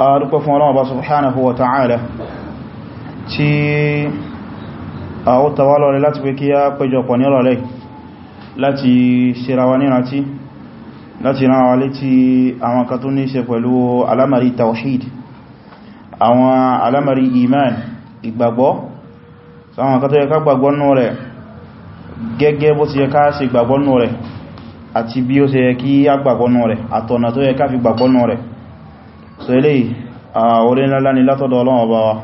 a dúpẹ́ fún Ọlọ́run Ọba subhanahu wa ta'ala tí a ó tàwà lọ́rẹ láti pé kí a péjọpọ̀ ní ọ̀rọ̀lẹ́ láti ṣerawa ní rántí láti rán wa létí àwọn kan tó ní ṣe pẹ̀lú alamari tawhid àwọn alamari iman ìgbàgbọ́ sáwọn kan tó yẹ ká gbàgbọ́ nù rẹ̀ gẹ́gẹ́ bó ti yẹ ká ṣe gbàgbọ́ nù rẹ̀ àti fi gbàgbọ́ nù rẹ̀ so eléyìí orí ńlá ni látọ̀dọ̀ Ọlọ́run Ọba wa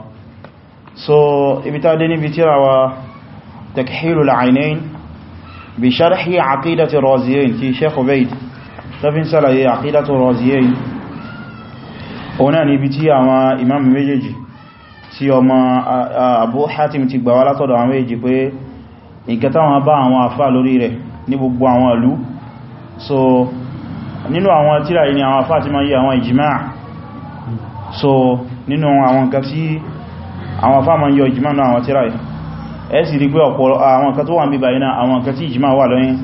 so ibi tá dé níbi tírà wa takhilul aynain bi sharhi aqidati raziyain ti sheikh ubayd tafin ṣàlàyé aqidati raziyain ọ̀nà ni ibi tí àwọn imam méjèèjì tí ọmọ abu hatim ti gbà wá látọ̀dọ̀ àwọn méjèèjì pé nǹkan táwọn bá àwọn àfá lórí rẹ̀ so nínú àwọn tírà ni àwọn àfá ti máa yí àwọn ìjìmáà so nínú àwọn nǹkan tí àwọn afá ma ń yọ ìjìmá náà àwọn tíra ẹ̀ sì rí pé ọ̀pọ̀ àwọn nǹkan tó wà ń bí báyìí náà àwọn nǹkan tí ìjìmá wà lọ́yìn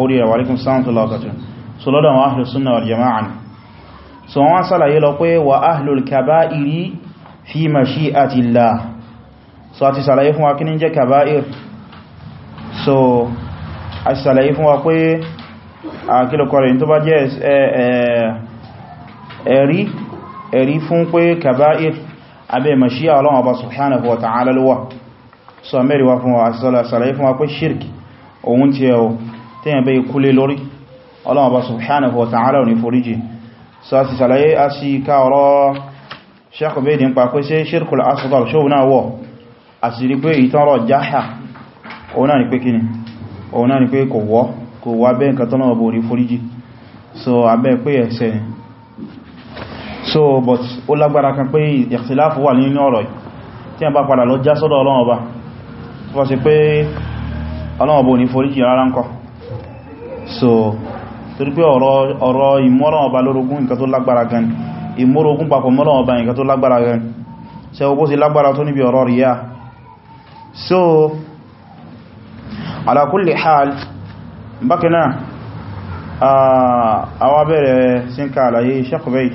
orí rẹ̀ wàríkún sáàmùtọ́lá ọ̀kàtún so so wọ́n sàlàyé lọ ẹ̀rí ẹ̀rí fún pé kaba'ir abẹ́ mashiya Ọlọ́run Ọba subhanahu wa ta'ala lọ́wà sọ mẹ́rẹ̀wá fún wa sàlàyé fún wa pé shirk ohun tí ẹ̀wọ̀ tí yẹn bẹ́ kúlé lórí Ọlọ́run Ọba subhanahu wa ta'ala ní foríjì sọ sí sàlàyé a sí ká ọ̀rọ̀ Sheikh Ubayd ń pa pé ṣe shirkul asghar ṣóhun náà wọ̀ a sì so but ó lágbára kan pé ìkhtiláfù wà nínú ọ̀rọ̀ tí a bá padà lọ já sọ́dọ̀ Ọlọ́run Ọba tó bá ṣe pé Ọlọ́run Ọba ò ní foríkì rárá ń kọ́ so torí pé ọ̀rọ̀ ìmọ́ràn Ọba lórogún nǹkan tó lágbára gan ìmọ́rogún papọ̀ mọ́ràn Ọba nǹkan tó lágbára gan ṣe ogbó sí lágbára tó níbi ọ̀rọ̀ ríyà so ala kulli hal bákanáà àwọn abẹ́rẹ̀ sínká àlàyé Sheikh Ubayd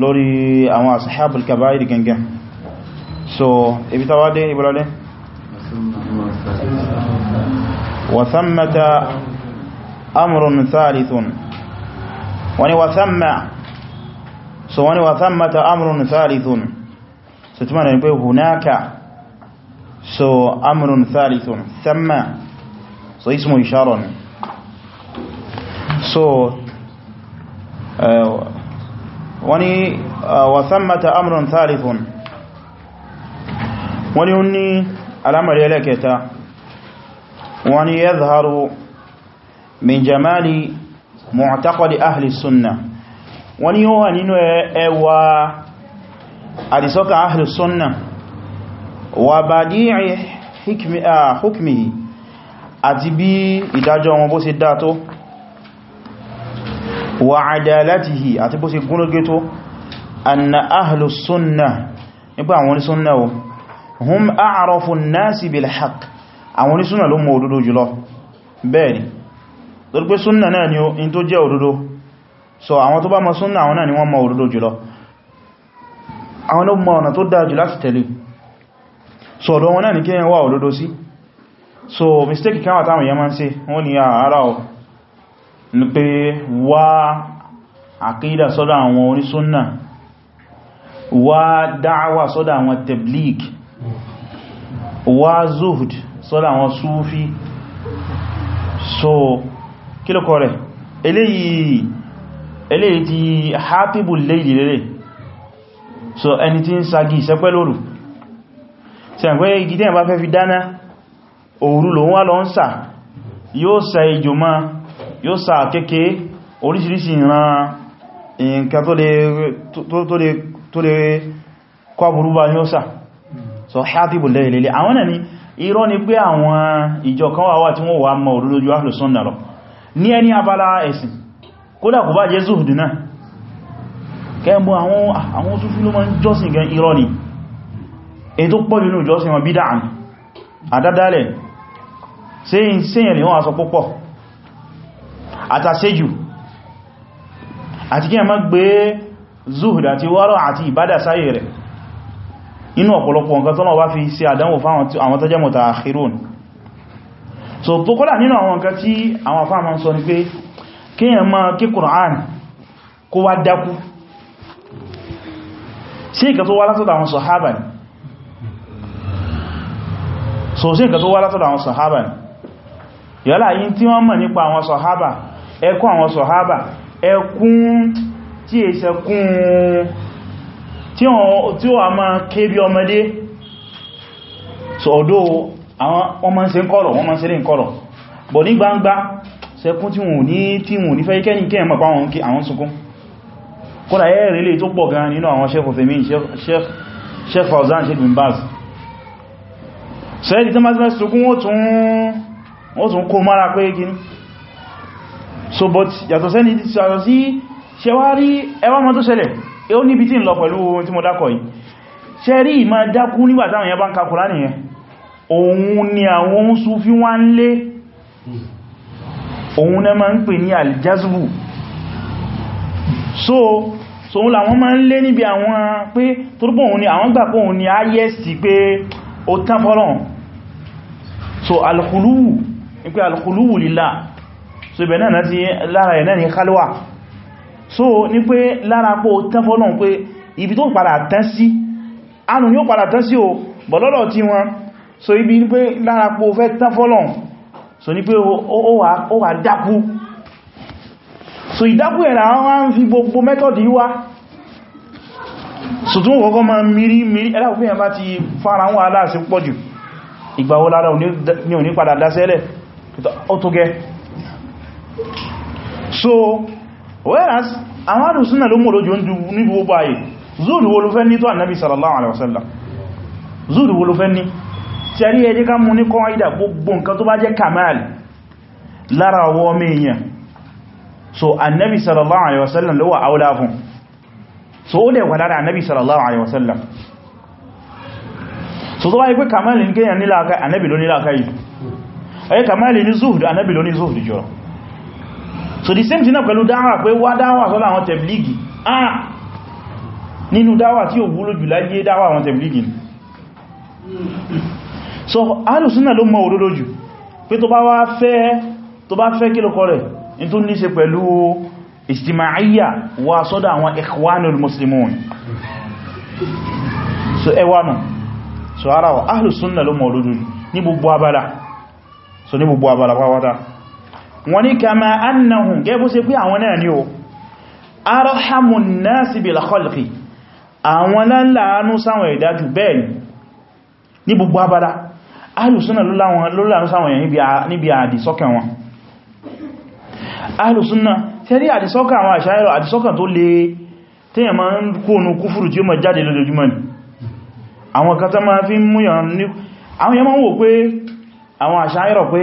lórí àwọn ashabul kaba'ir gẹngẹ so ibi ta wádé ibúrọ̀lẹ́ wàtánmàta amurun thalithun wani wàtánmà so wani wàtánmàta amurun thalithun so tí mana pé hunaka so amurun thalithun thamma so ismu isharon so uh, wani ah, wasammata amurin thalithun wani hunni alamar yalaketa wani ya zaharu min jamali mu'taqadi ahli sunna wani yóò wà nínú ẹwà àdìsọ́kà ahli sunna wa badi'i ah, hukmihi àti bí ìdájọ́ wọn bó ṣe dáa wa adalatihi àti bó ṣe gúnlógé tó anna ahlus sunna nípa àwọn ni sunna o hum a'rafu an-nasi bil haqq àwọn ni sunna ló mọ̀ òdodo jùlọ bẹ́ẹ̀ni tó pé sunna náà ni o in tó jẹ́ òdodo so àwọn tó bá mọ̀ sunna àwọn náà ni wọ́n mọ̀ òdodo jùlọ àwọn ló mọ̀ ọ̀nà tó dáa jù láti tẹ̀lé so ọ̀dọ̀ wọn náà ni kéèyàn wá òdodo sí so mistake kan wà táwọn èèyàn máa ń ṣe wọ́n ni àárá ọ̀ ní pé wá àkídà sọ́dọ̀ àwọn onísúnnà wá dáwà sọ́dọ̀ àwọn tabligh wá zuhd sọ́dọ̀ àwọn súfí so kílùkọ rẹ̀ eléyìí eléyìí ti hápìbù léyìí lélẹ̀ so ẹni tí ń sagi ìsẹ́pẹ́ lóru tí a gbé igi tí a bá fẹ́ fi dáná òru lòun wá lọ ń sà yóò sa ejò máa yóò sà kéèké oríṣiríṣi ìran nǹkan tó lè kọbùrú bá yóò sà hmm. so hátìbù lẹ́lẹ́lẹ́ àwọn náà ni irọ́ ni pé àwọn ìjọ kan wà wà tí wọ́n wà mọ̀ olójú ahlùsọ́nà lọ ní ẹni abala ẹ̀sìn kódà kò bá jẹ́ zuhud náà kẹ́ẹ̀mọ́ àwọn Sufi ló máa ń jọ́sìn gan irọ́ ni èyí tó pọ̀ nínú jọ́sìn wọn bídá àdádálẹ̀ sí lè wọ́n aṣọ púpọ̀ àtàṣejù àti kí a má gbé zuhud àti wọ́rọ̀ àti ìbádà sáyẹ̀ rẹ̀ inú ọ̀pọ̀lọpọ̀ nǹkan tọ́nà wá fi ṣe àdánwò fáwọn àwọn tọ́jẹ́ mọ̀ta àkírùn so tó kọ́lá nínú àwọn nǹkan tí àwọn afá ń sọ ni pé kíyàn ma kí Qur'an kó wá dákú sí ìkà tó wá látọ̀dọ̀ àwọn sàhábà ni so sí ìkà tó wá látọ̀dọ̀ ni yálà yí tí wọ́n mọ̀ nípa àwọn sàhábà ẹkún àwọn sọ̀hábà ẹkún tí è sẹkún tí ó a máa ké bí ọmọdé sọ̀dọ̀ àwọn wọ́n máa ń ṣe kọ́lọ̀ wọ́n máa ń ṣe ní kọ́lọ̀ bọ̀ ní gbangba sẹkún tí wọ́n ní tí wọ́n ní fẹ́ kẹ́ni kẹ́ mọ̀ pàwọn kí àwọn sunkún kódà ẹ̀rẹ̀ lè tó pọ̀ gan nínú àwọn Sheikh Uthaymeen Sheikh Fawzan Sheikh bin Baz sẹ́ẹ̀dì tó máa ti mẹ́ sunkún ó tún kó mara pé gini so but yàtọ̀ sẹ́ni tí sàrọ̀ sí ṣe wá rí ẹwà mọ́ tó ṣẹlẹ̀ e ó níbi tí ń lọ pẹ̀lú ohun tí mo dákọ̀ yìí ṣe rí ìmá dákú nígbà táwọn yẹn bá ń ka Kùránì yẹn ni àwọn Sufi wá ń lé òun náà máa ń pè ní aljazbu so so la làwọn máa ń lé níbi àwọn pé torípò òun ni àwọn gbà pé òun ni ayẹ́sì pé ó tán fọ́lọ̀ so alkhuluwu ni pé alkhuluwu lillah so ibẹ̀ náà ti lára ẹ̀ náà ni khalwa so ní pé lára pọ̀ tán fọ́lọ́n pé ibi tó padà tán sí anù ni padà tán sí o bọ̀lọ́lọ̀ tí wọn so ibi ní pé lára pọ̀ fẹ́ tán fọ́lọ́n so ní pé ó wà dákú so ìdákú ẹ̀rà wọ́n fi gbogbo mẹ́tọ̀dì wá so tún kọ́kọ́ ma mìírí mìírí ẹlẹ́kùnfẹ́ yẹn bá ti fara wọn aláàsí pọ̀jù ìgbàwó lára ní padà dásẹ́lẹ̀ ó tó gẹ́ so whereas àwọn àdùsúnà ló mọ̀ lójú ní gbogbo ayé zúdù wo ló fẹ́ ní tó annabi sallallahu alaihi wasallam zúdù wo ló fẹ́ ní tí a rí ẹjẹ́ ká mú ní kọ́ ìdà gbogbo nǹkan tó bá jẹ́ kamal lára ọwọ́ mẹ́yàn so annabi sallallahu alaihi wasallam ló wà áwọ́lá so ó dẹ̀ wà lára annabi sallallahu alaihi so tó wáyé pé kamal ní kéyàn nílá akáyì annabi ló nílá akáyì ẹ̀yẹ kamal ní zuhud annabi ló ní so the same thing náà pẹ̀lú dáwà pé wá dáwà sọ́lá àwọn tẹ̀blígì ah nínú dáwà tí ó wúlò jù láyé dáwà àwọn tẹ̀blígì so alùsúnà ló mọ òdodo jù pé tó bá wá fẹ́ tó bá fẹ́ kí lókọ rẹ̀ in tó ní ṣe pẹ̀lú ìsìtìmáyà wà sọ́dọ̀ àwọn so ẹwànù so ara wa alùsúnà ló mọ òdodo jù ní gbogbo abala so ní gbogbo abala pàwátá wọ́n ní kama annahum gẹ́bú sí pé àwọn náà ni o arhamun nasi bil khalqi àwọn láàánú sáwọn ìdájú bẹ́ẹ̀ ní gbogbo abada alùsúnà ló láàánú sáwọn èèyàn níbi àdìsọ́kàn wọn alùsúnà tẹ́rí àdìsọ́kàn àwọn àṣáyẹ̀rọ àdìsọ́kàn tó lè ń múyàn ní àwọn yẹn wò pé àwọn àṣáyẹ̀rọ pé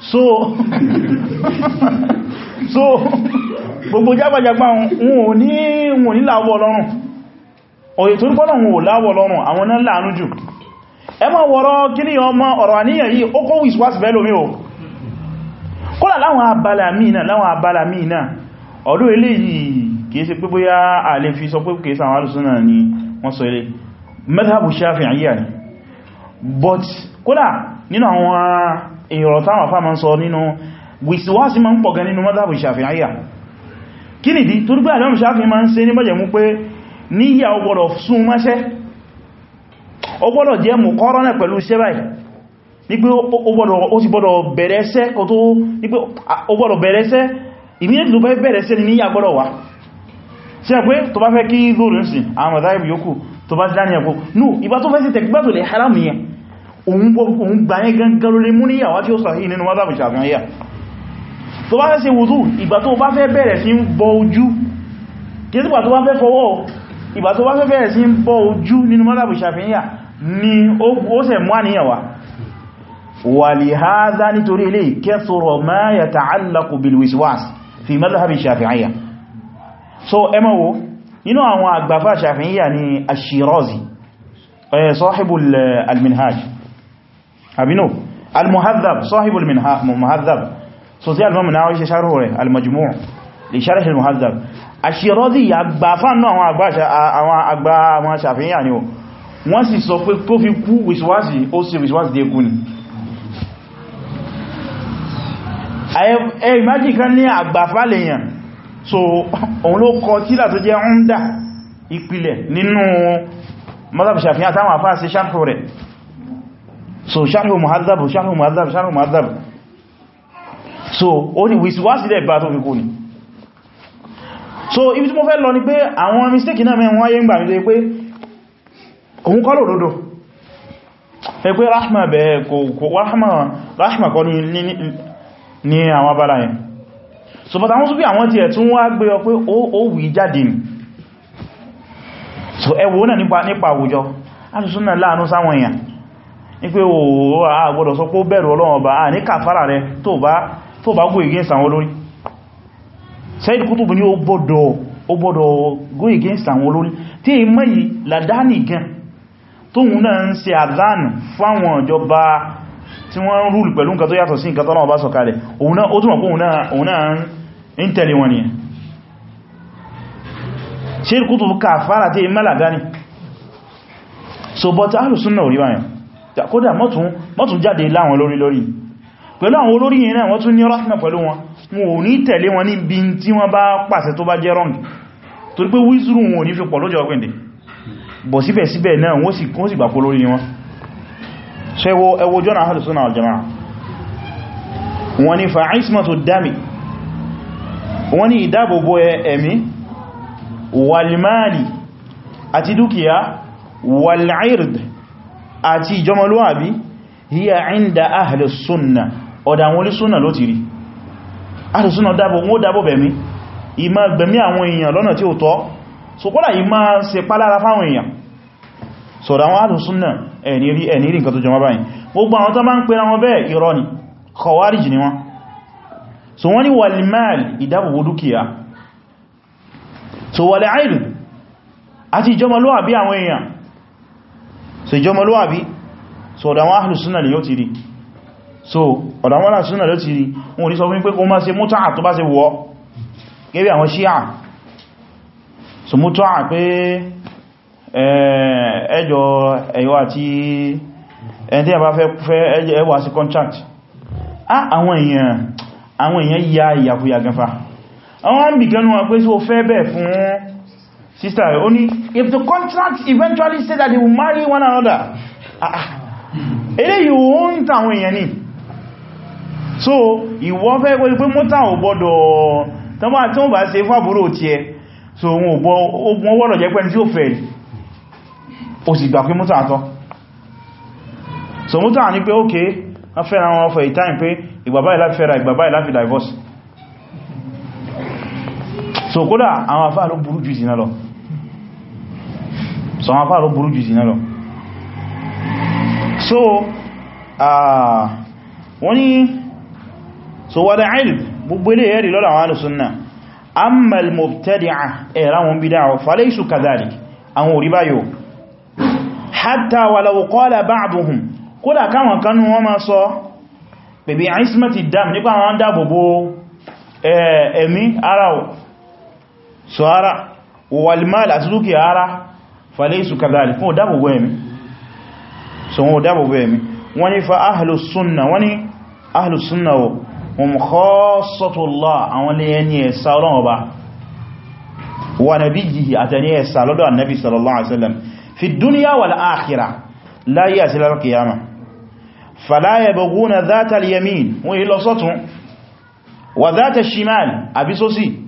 so so gbogbo jagbajagba wọn ò ni wọn ò ọlọ́run tó ń pọ́lọ̀ wọn ò ọlọ́run àwọn náà láàánú jù ẹmọ má kí ọmọ ọ̀rọ̀ àníyàn yìí ó kó o kọ́lá láwọn abala míì láwọn abala míì náà ọ̀dọ́ ilé yìí kìí pé bóyá fi sọ pé kìí ni wọ́n sọ ni but kọ́lá ìrọ̀ táwọn afá ma ń sọ nínú wìsíwásí ma ń pọ̀ gan nínú mọ́dábù ìṣàfihàyà kí nìdí tó rí pé àdánù ṣáfihàn ma ń ṣe ní bọ́jẹ̀ mú pé níyà ọgbọ̀dọ̀ sún mọ́ṣẹ́ ọgbọ́dọ̀ jẹ́ mú kọ́rọ́nà pẹ̀lú iṣẹ́ báyìí ní pé ó sì gbọ́dọ̀ bẹ̀rẹ̀ iṣẹ́ kò tó ní pé ó gbọ́dọ̀ bẹ̀rẹ̀ iṣẹ́ ìmíyàn ló bẹ́ bẹ̀rẹ̀ iṣẹ́ ní àgbọ́dọ̀ wá sí ẹgbẹ́ òun gbáyé gangan lórí mú níyàwó tí ó sàhí nínú mọ́sàbù ṣàfihànyà tó bá fẹ́ ṣe wùdú ìgbà tó bá fẹ́ bẹ̀rẹ̀ sí ń bọ ojú kìíṣìgbà tó bá fẹ́ fọwọ́ ìgbà tó bá fẹ́ bẹ̀rẹ̀ sí ń bọ ojú nínú mọ́sàbù ṣàfihànyà ni ó sẹ̀ mú àníyàwó wàlìháza nítorí ilé kẹsùrọ̀ máa yata'allaqu bilwiswas fi madhhabi ṣàfihànyà so ẹmọ́wó ni eh, sahibul eh, al-Minhaj àbínú al-muhaddab sahibul minhaj muhaddab so tí al-imam Nawawi ṣe sharh rẹ̀ al-majmu' li sharh al-muhaddab Ash-Shirazi àgbà fánà àwọn àgbà àwọn Shafi'iyya ni ó wọ́n sì sọ pé tó fi kú wìsíwáṣì ó sì wìsíwáṣì dé kú ni ẹ kan ní so òun ló kọ tíra tó jẹ́ ń dà ìpìlẹ̀ nínú mazhab so sharhu muhazzab sharhu muhazzab sharhu muhazzab so ó ní wisiwasi de ba to fi kú ni so ibi tí mo fẹ́ lọ ni pé àwọn mistake náà me wọ́n aye ngba mi de pé ohun kọ́ lòdodo ẹ pé rahma be ko ko rahma rahma ko ni ni àwọn abala yẹn so but àwọn so bi àwọn tí ẹ tún wá gbé o pé o o wí jáde ni so ẹ wò náà nípa nípa àwùjọ alusunna láàánú sáwọn èèyàn ní pé o a gbọ́dọ̀ sọ pé ó bẹ̀rù Ọlọ́run ọba a ní kàfàrà rẹ tó bá go against àwọn olórí Sayyid Qutb ní ó gbọ́dọ̀ go against àwọn olórí tí ìmọ̀ yìí làdáni gan tóhun náà ń ṣe àdánù fáwọn ìjọba tí wọ́n ń rúlù pẹ̀lú nǹkan tó yàtọ̀ so but ahlus sunnah ò kódà mọ́tún jáde láwọn lórí lórí pẹ̀lú àwọn olórí yìí náà wọ́n tún ní rahma pẹ̀lú wọn wọn ò ní tẹ̀lé wọn ní bí tí wọ́n bá pàṣẹ tó bá jẹ́ wrong torí pé wíṣùrù wọn ò ní fi pọ̀ lọ́jọ́ ọgbẹ̀ndẹ̀ bọ̀ síbẹ̀síbẹ̀ náà wọ́n sì kún sì gbà polórí ni wọ́n ṣe àti ìjọmọlúwàbí hiya inda ahli sunna ọ̀dà àwọn olùsúnnà ló ti rí ahli sunna dábò wọ́n dábò bẹ̀mí ìmá gbẹ̀mí àwọn èèyàn lọ́nà tí ó tọ́ so kọ́lá ìmá ṣe pálára fáwọn èèyàn so dáwọn ahli sunna ẹ̀ní rí ẹ̀ní rí nǹkan tó jọmọ́ báyìí gbogbo àwọn tó bá ń pè ra wọn bẹ́ẹ̀ irọ́ ni khawarij ni wọ́n so ìjọmọlúwàbí so ọ̀dàwọn ahlùsúnà lè yóò ti rí so ọ̀dàwọn ahlùsúnà lè yóò ti rí wọn rí sọ fún pé kó má ṣe mútàà tó bá ṣe wọ́ gẹ́gẹ́ àwọn ṣíà so mútàà pé ẹjọ ẹ̀yọ àti ẹni tí a bá fẹ́ ẹwà sí contract àwọn èèyàn àwọn èèyàn ya ìyàkúyà ganfa àwọn àmì gẹnu wọn pé so fẹ́ bẹ̀ fún sister rẹ̀ if the contract eventually say that they will marry one another eléyìí ó ń tàwọn èèyàn ní so ìwọ fẹ́ pẹ́ pé mọ́ta ò gbọ́dọ̀ tọ́bá tí wọ́n bá ṣe fàbúrò tí ẹ so wọ́n gbọ́dọ̀ jẹ́ pẹ́ni tí ó fẹ́ ó sì gbà pé mọ́ta àtọ́ so mọ́ta ní pé ókè wọ́n fẹ́ra wọn for a time Pe, pé ìgbàbá ìláfi fẹ́ra ìgbàbá ìláfi divorce so kódà àwọn afá ló burú jù ìsìnà lọ so wọn fàárọ̀ burú jù zina lọ so wọ́n ni so wọ́dá ilm gbogbo ilé ẹ̀rí lọ́dọ̀ àwọn alùsùnà ammal mubtadi'a ẹ̀rá wọn bí dáwọ̀ falaysu kadhalik àwọn orí báyò hatta walau qala ba'duhum kódà káwọn kanú wọn ma sọ pẹ̀bí àìsímẹ̀tì dam nípa àwọn dábòbò ẹ̀mí ara so ara wal àti dúkìá ara falaisu kadhalik fún dábògbò ẹ̀mí so wọn dábògbò ẹ̀mí wọ́n ni fa ahìlùsúnnà wọ́n ni ahìlùsúnnà o wọn khassatullah àwọn lè ẹni ẹ̀sà ọlọ́run ọba wà nabiyyihi àtẹni ẹ̀sà lọ́dọ̀ annabi sallallahu alaihi wasallam fi dunya wal akhirah láyé wa dhata al-shimal àbí sósì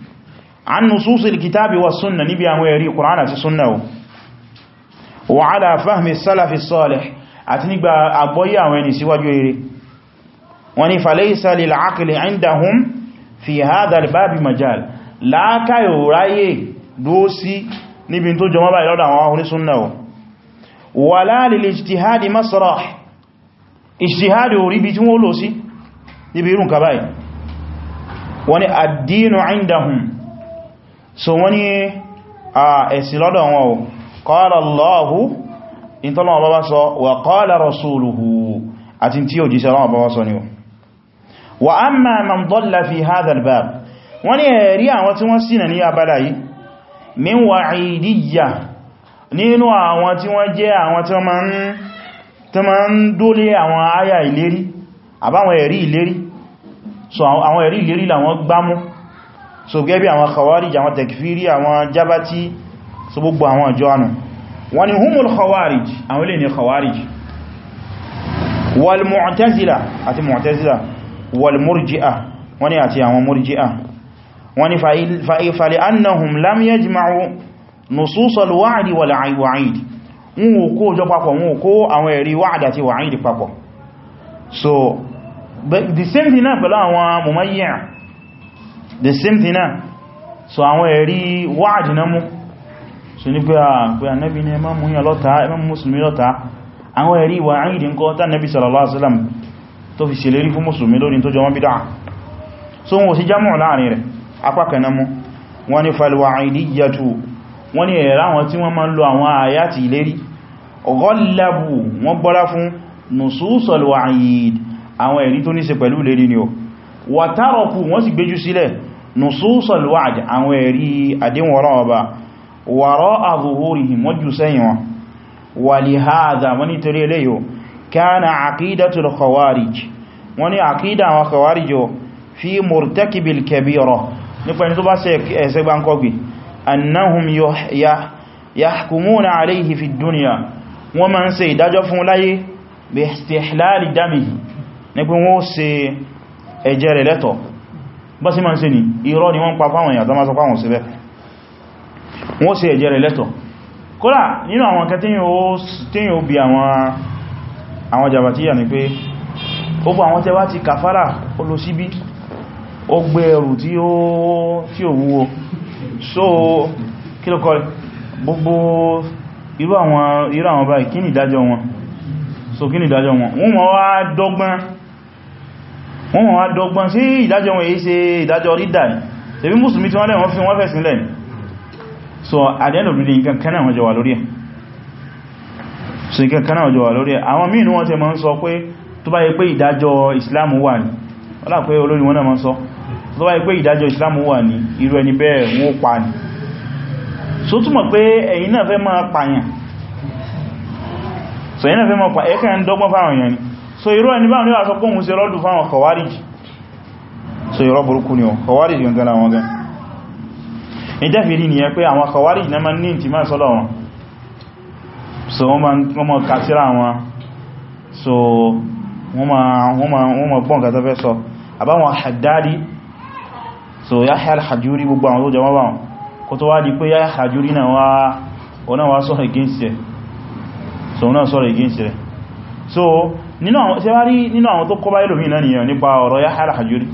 an nususil sunna níbi wa ala fahmi salafi salih àti nígbà àgbọ́yé àwọn ẹni síwájú eré wọ́n ni falaysa lil aqli indahum fi hadha al babi majal láàkàyò ráyè dúó sí níbi tó jọmọ́ báyìí lọ́dọ̀ àwọn ahun súnnà wala lil ijtihadi masrah ijtihadi orí bí tí wọ́n qala Allahu ìtọ́lọ́wọ́ bá bá sọ wa qala rasuluhu àti tí ò jíṣẹ́ lọ́wọ́ bá bá sọ ni wa amma man dalla fi hadha al-bab wọ́n ni ẹ̀rí àwọn tí wọ́n ṣìnà ní abala yìí min wa'idiyya nínú àwọn tí wọ́n jẹ́ àwọn tí wọ́n ń dólé àwọn àyà ìlérí so gbogbo àwọn ọjọ́ ànà wọ́n ni humul khawarij àwọn ilé ni khawarij wal mu'tazila àti mu'tazila wal murji'a wọ́n ni àti àwọn murji'a wọ́n ni fa'ifali annahum lam yajma'u nususal wa'di wal wa'id the same thing náà pẹ̀lú àwọn mumayya the same thing náà so àwọn ẹ̀rí wa'd so ní pé àpẹ ah, ànábì ní ẹmọ́ mú mùsùlùmí lọ́ta àwọn ẹ̀rí wa àìdí ǹkan ta nabi sallallahu alaihi wasallam tó fi ṣèlérí fún mùsùlùmí lórí tó jọmọ́ bídá so wọ́n jamu jámọ̀ láàrin rẹ̀ apákanámú wọ́n ni falwa àìdíyàtù wọ́n ni era wọn tí wọ́n máa lo àwọn àyàtì ìlérí ọgọ́lábù wọ́n bọ́lá fún nùsùsọ̀lù àìd àwọn ẹ̀rí tó ní ṣe pẹ̀lú ìlérí ni ó wàtárọ̀kù wọ́n sì gbéjú sílẹ̀ nùsùsọ̀lù àìd àwọn ẹ̀rí àdínwọ̀rọ̀ ọba وراء ظهورهم وجسيوا ولهذا وني تريليو كان عقيدة الخوارج وني عقيدة وخوارج في مرتكب الكبيرة نقول نتبع سيبان كوكي أنهم يح يح يحكمون عليه في الدنيا ومن سيدجفون لي باستحلال دمه نقول هو سيجري لتو بس ما نسيني إيراني وانقع فاهم يا دماغ فاهم سيبه wọ́n ṣe ẹ̀jẹ̀ rẹ̀ lẹ́tọ̀ kódà nínú àwọn kẹ tíyàn ó bí àwọn jàbàtíyà ni pé ó bú àwọn tẹ́wà ti kàfàrà olóṣíbí ó gbé ẹrù tí ó wúwo so kílọ́kọ́ gbogbo irú àwọn báyìí kí ni ìdájọ́ wọn so kí ni ìdájọ́ wọn wọ́n mọ̀ wá dọ́gbọ́n wọ́n mọ̀ wá dọ́gbọ́n sí ìdájọ́ wọn èyí ṣe ìdájọ́ rídà ní tẹ̀bí mùsùlùmí tí wọ́n lẹ́wọ́n fi wọ́n fẹ̀sìn lẹ́ni so àdẹ́lò rí nǹkan kanáà wọ́n jọwà lórí ẹ̀ so nǹkan kanáà wọ́n jọwà lórí ẹ̀ àwọn míì ní wọ́n tẹ ma ń sọ pé tó bá yẹ pé ìdájọ́ islam wà ní ọlá pé olórí wọn náà ma ń sọ tó bá yẹ pé ìdájọ́ islam wà ní irú ẹni bẹ́ẹ̀ wọ́n pa ní so túmọ̀ pé ẹ̀yin náà fẹ́ máa pààyàn so ẹ̀yin náà fẹ́ máa pa ẹ̀kẹ́ ń dọ́gbọ́n fáwọn èèyàn so irú ẹni báwọn níwà sọ pé so irọ́ burúkú ni ọ kọwárìjì gangan àwọn ìtẹ́fìrí ni ẹ pé àwọn kọwárí ìná ma ní ìtìmá sọ́dọ̀ wọn so wọ́n ma kàtíra wọn so wọ́n ma gbọ́n kàtọ́ fẹ́ sọ àbáwọn Haddadi so Yahya al-Hajuri gbogbo àwọn tó jẹ mọ́bà wọn kò tó wá di pé Yahya al-Hajuri náà wá sọ̀rọ̀ against rẹ̀ so nínú àwọn tó kọ́ bá ìlòmí náà nìyàn nípa ọ̀rọ̀ Yahya al-Hajuri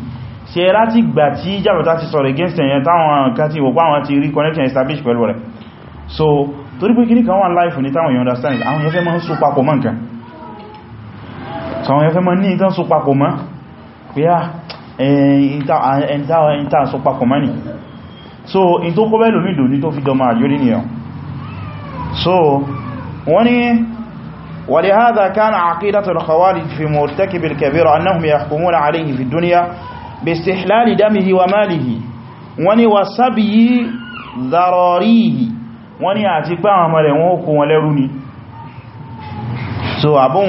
ṣe láti gbà tí jàbàtà ti sọ̀rọ̀ against ẹ̀yẹn táwọn kan ti wò páwọn ti rí establish pẹ̀lú rẹ̀ so torí pé kìníkà wọn life ní táwọn yóò understand àwọn yẹn fẹ́ máa so papọ̀ mọ́ nǹkan so àwọn yẹn fẹ́ máa ní ìtàn so papọ̀ mọ́ pé à ah, ẹ̀ntà so papọ̀ mọ́ ni so in tó kọ́ bẹ́ẹ̀ lómi dò ní tó fi dọmọ àjò nìyàn so wọ́n ni ولهذا كان عقيدة الخوارج في مرتكب الكبيرة أنهم يحكمون عليه في الدنيا باستحلال دمه وماله وني وسبي ضراريه وني àti pé àwọn ọmọ rẹ̀ wọ́n kó wọn lẹ́rú ni so àbọ̀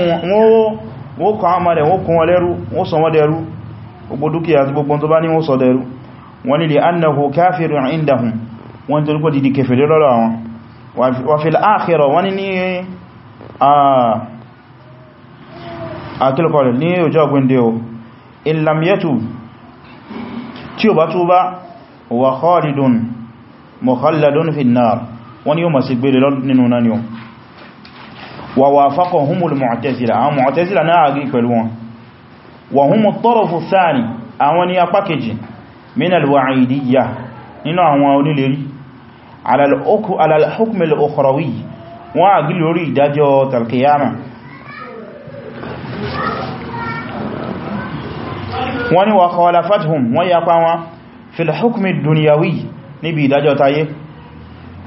wọ́n kọ àwọn ọmọ rẹ̀ wọ́n kó wọn lẹ́rú wọ́n sọ wọ́n dẹrú gbogbo dúkìá àti gbogbo tó bá ní wọ́n sọ dẹrú wọ́n lè annahu kafirun indahum wọ́n yatub tí ó bá túbá wà khalidun mukhalladun fi an-nar wọ́n ni yóò máa ṣe gbére nínú náà ni ó wà wafaqahumul mu'tazila àwọn mu'tazila náà agri pẹ̀lú wọn wà humu at-tarafu ath-thani wọ́n ni wà khalafathum wọ́n ya pa wọn fil hukmi dunyawi níbi ìdájọ́ tayé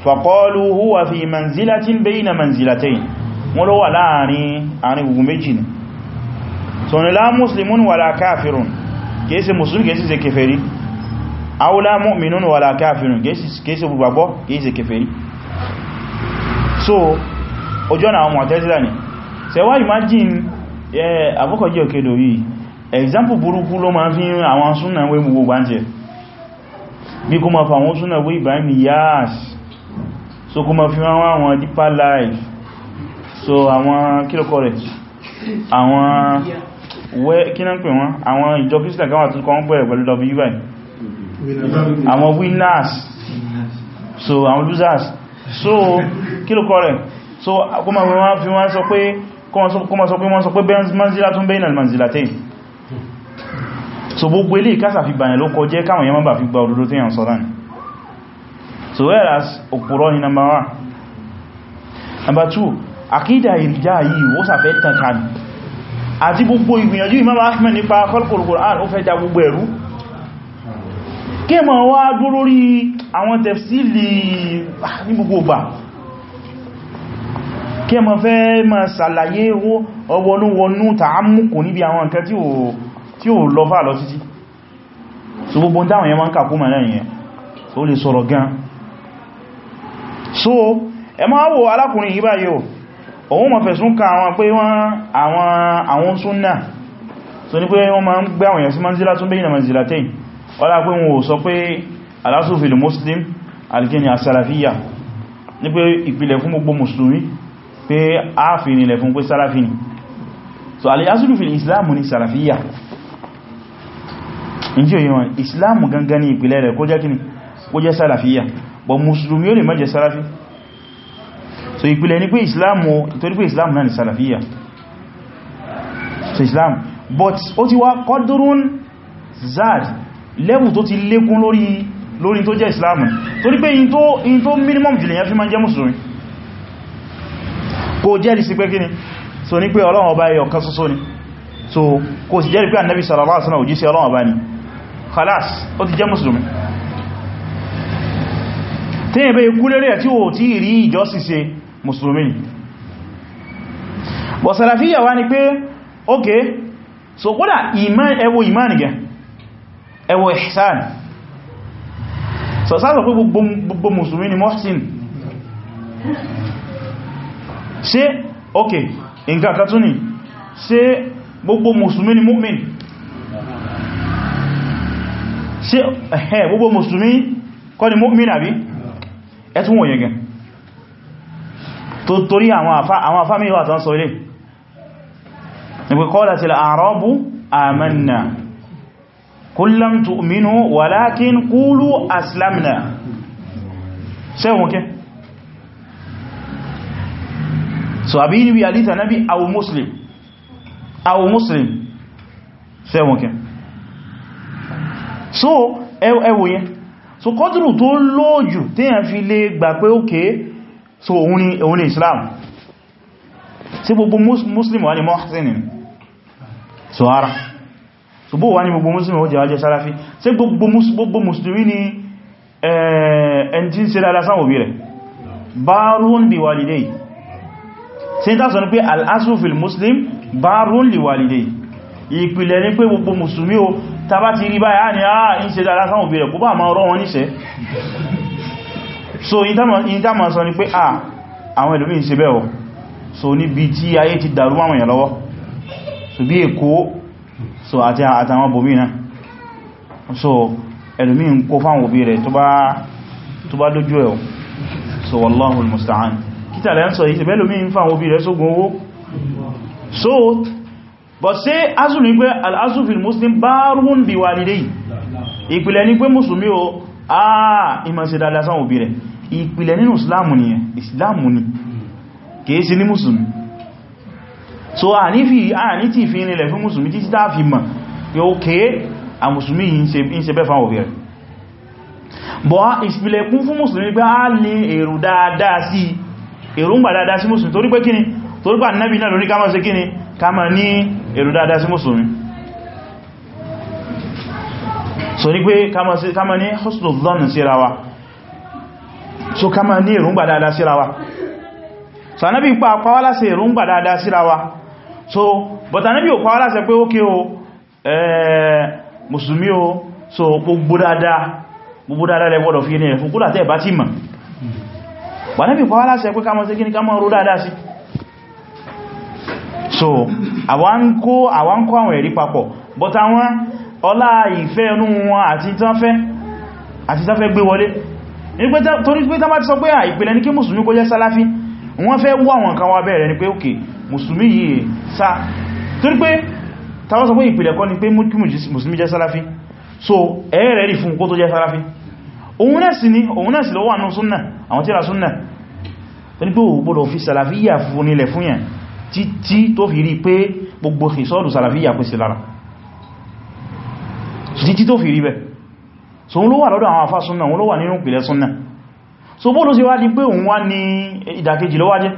faqalu huwa fi manzilatin bayna manzilatayn wọ́n ló wà láàrin àrin gbogbo méjì ni so ni la muslimun wala kafirun kèése musulmi kèése se kèfèrí aw la mu'minun wala kafirun kèése gbogbo kèése kèfèrí so ojú ọ̀nà àwọn Mu'tazila ni sẹ́wàá imagine eh, abúkọ̀jí òkèdò yìí example burúkú ló ma fi ń àwọn súnà wé gbogbo gbáǹtẹ̀ bí kó ma fa àwọn súnà wé Ibrahim Niyas so kó ma fi wọ́n àwọn deeper life so àwọn kílòkọ́ rẹ̀ àwọn kí náà pè wọ́n àwọn ìjọ kírísítà gáwà tó kọ́ ń pẹ̀rẹ̀ pẹ̀lú winners so àwọn losers so kílòkọ́ rẹ̀ so kó ma fi wọ́n sọ pé wọ́n sọ pé Benzmanzila tún bẹ́yìn so gbogbo ilé ìkásà fi bàyàn ló kọjẹ́ káwọn yẹn má bà fi gba òdodo tí yàn sọ́dá ni so whereas òpùrọ́ ni number one number two àkídà ìrìjá yìí ó sàfẹ́ tàn kàdì àti gbogbo ìgbìyànjú Imam Ahmed nípa khalqul Qur'an ó fẹ́ ja gbogbo ẹ̀rú kí ma wá dúró rí àwọn tẹ̀fsílì ní gbogbo gbà kí ma fẹ́ ma sàlàyé owó ọwọ́núwọnú tààmùkù níbi àwọn nǹkan tí ó tí ó lọ fà lọ títí so gbogbo dáwọn yẹn ma ń kàkó mọ̀ náà yẹn so ó lè sọ̀rọ̀ gan so ẹ máa wò alákùnrin yìí báyìí o òun ma fẹ̀sùn ka àwọn pé àwọn àwọn súnnà so ní pé wọ́n ma ń gbé àwọn yẹn sí manzila tún bẹ́yìn na manzila tẹ́yìn ọlá pé wọn ò sọ pé alásùfil muslim alkini asalafiya ní pé ìpìlẹ̀ fún gbogbo musulmi pé áàfin ilẹ̀ fún pé sálàfin so alásùfil islam ní salafiya ìjí òye wọn islamu gangan ní ìpìlẹ̀ rẹ̀ kó jẹ́ kíni kó jẹ́ sálàfíyà bọ̀ musulmi ó lè má jẹ́ so ìpìlẹ̀ ní pé islamu torí pé islamu náà ni sálàfíyà so islamu but ó ti wá kọ́dúrún zad level tó ti lékún lórí tó jẹ́ islamu torí pé in tó minimum jùlẹ̀ yẹn fi ma jẹ́ musulmi kó jẹ́ sí pé kíni so ní pé ọlọ́run ọba ẹyọ kan so kò sì jẹ́ rí pé annabi sallallahu alaihi wasallam òjíṣẹ́ ọlọ́run ọba ni khalas ó ti jẹ́ mùsùlùmí tí yẹn bẹ́ ikú lérí ẹ̀ tí ó tí rí ìjọsí ṣe mùsùlùmí ni bọ̀ sàràfíyà wá ní pé ok so kódà ẹwọ ìmáni gẹ ẹwọ ihsan so sáàrọ̀ pé gbogbo mùsùlùmí ni muhsin ṣe ok nǹkan kan tún ni ṣe gbogbo mùsùlùmí ni mu'min ṣe ẹ̀hẹ́ gbogbo mùsùlùmí kọ́ ni mu'min àbí ẹ̀tún wòye gan tó torí àwọn afámi wà tán sọ ilé nígbẹ̀ kọ́lá ti l'arabu amanna kullam tu'minu walakin qulu aslamna sẹ́wọ̀n kẹ́ so àbí níbi àdíta nábi awu muslim awu muslim sẹ́wọ̀n kẹ́ so ẹwò yẹn so kọdùrù tó lóòjù téèyàn fi lè gbà pé òkè so òun ni Islam sí gbogbo muslim wà ní muhsin so ara so bó wà ní gbogbo muslim ó jẹ́ wájẹ́ sáráfí sí gbogbo musulmi ni ẹn tí sí dáadáa sáwọn òbí rẹ̀ barun bi walidayhi sí ta sọ ní pé al'asufil muslim barun li walidayhi ìpìlẹ̀ ní pé gbogbo musulmi o tàbá ti rí báyìí ní àà ah, ń ṣe dára sáwọn òbí rẹ̀ kó bá ma rọ́ wọn níṣẹ́ so in dáma sọ ni pé à ah, àwọn ẹlòmí ṣe bẹ́ẹ̀ o so níbi tí ayé ti dàrú àwọn èèyàn lọ́wọ́ so bí èkó so àti àtàwọn bòmí náà so ẹlòmí ń kó fáwọn òbí rẹ̀ tó bá dójú ẹ̀ so wallahul musta'an kítàlẹ́ ń sọ yìí but ṣe azul ni pé al'azufil muslim barun bí wà nílé ìpìlẹ̀ ni pé musulmi o àà ah, imanse dáadáa sáwọn òbí rẹ̀ ìpìlẹ̀ nínú islamu ni islamu ni kìí sí ní so a ní fi a ní tí fi nílẹ̀ fún musulmi títí tá fi mọ̀ yóò kéé a musulmi yìí ṣe bẹ́ fáwọn òbí rẹ̀ bọ́ ìpìlẹ̀ kún fún musulmi pé a lè èrò dáadáa sí èròǹgbà dáadáa sí musulmi torí pé kíni torí pé annabi náà lórí ká máa ṣe ká ma ní èrò dáadáa sí mùsùlùmí so ní pé ká ma ní husnul dhann síra wa so ká ma ní èròǹgbà dáadáa síra so anábí pa apáwá láti èròǹgbà dáadáa síra so but anábí ò pàwá láti pé ókè o mùsùlùmí o so gbogbo dáadáa gbogbo dáadáa lẹ gbọ́dọ̀ fi ní ẹ̀fún kúlà tẹ́ bá ti mọ̀ wà náà bí pàwá láti so àwọn kó àwọn ẹ̀rí papọ̀ but àwọn ọlá ìfẹ́ ẹnu wọn àti tánfẹ́ gbé wọlé torí pé tán bá ti sọ pé ìpìlẹ̀ ní kí mùsùlùmí kó jẹ́ sálàfí wọ́n fẹ́ wọ́ àwọn kan wá bẹ̀rẹ̀ ni pé òkè mùsùlùmí yìí sá torí pé tàwọn sọ pé ìpìlẹ̀ kọ́ ni pé mùsùlùmí jẹ́ sálàfí so ẹ̀ẹ́rẹ̀ rí fún kó tó jẹ́ sálàfí òun náà sì ni òun náà sì lọ́wọ́ àánú súnnà àwọn tíra súnnà tó ní pé òun gbọ́dọ̀ fi sàlàfíyà fún nílẹ̀ fún yẹn títí tó fi rí pé gbogbo fìsọ́lù sàlàfíyà pín sí lára títí tó fi rí bẹ́ so wọ́n ló wà lọ́dọ̀ àwọn afá súnnà wọ́n ló wà nínú pìlẹ̀ súnnà so bó ló sì wá di pé òun wá ní ìdàkejì ló wá jẹ́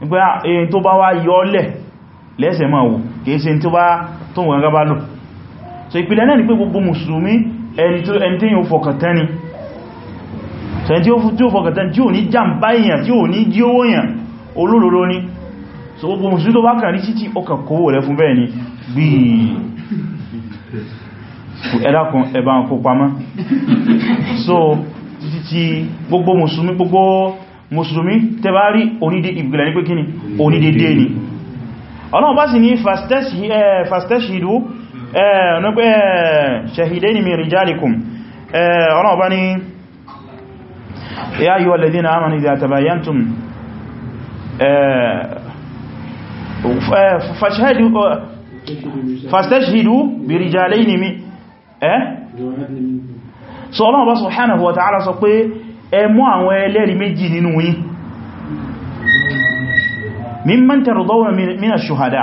nígbé èyí tó bá wá yọ́lẹ̀ lẹ́sẹ̀ máa wò kèése tó bá tó wọ́n gá lò so ìpìlẹ̀ náà ni pé gbogbo mùsùlùmí ẹni tí ni tí ó fọkàntán so gbogbo musulmi tó bá kàn rí títí ọkàn kówó rẹ fún bẹ́ẹ̀ ni gbíì ẹ̀dàkùn ẹ̀bà ń kó pamọ́ so títí tí gbogbo musulmi gbogbo musulmi tẹbá rí onídé ìgbìlẹ̀ ní pé kíni onídédé ni ọlọ́run bá sì ní fastẹ́ṣìdú ọ̀nàpẹ́ ṣẹ̀hìdé ni min rijalikum ọlọ́run bá ní ya ayyuhal ladhina amanu idha tabayantum fastashhidu birijalaini mi eh so Ọlọ́run bá subhanahu wa ta'ala sọ pé ẹ mú àwọn ẹlẹ́rìí méjì nínú yín mimman tardawna min ash-shuhada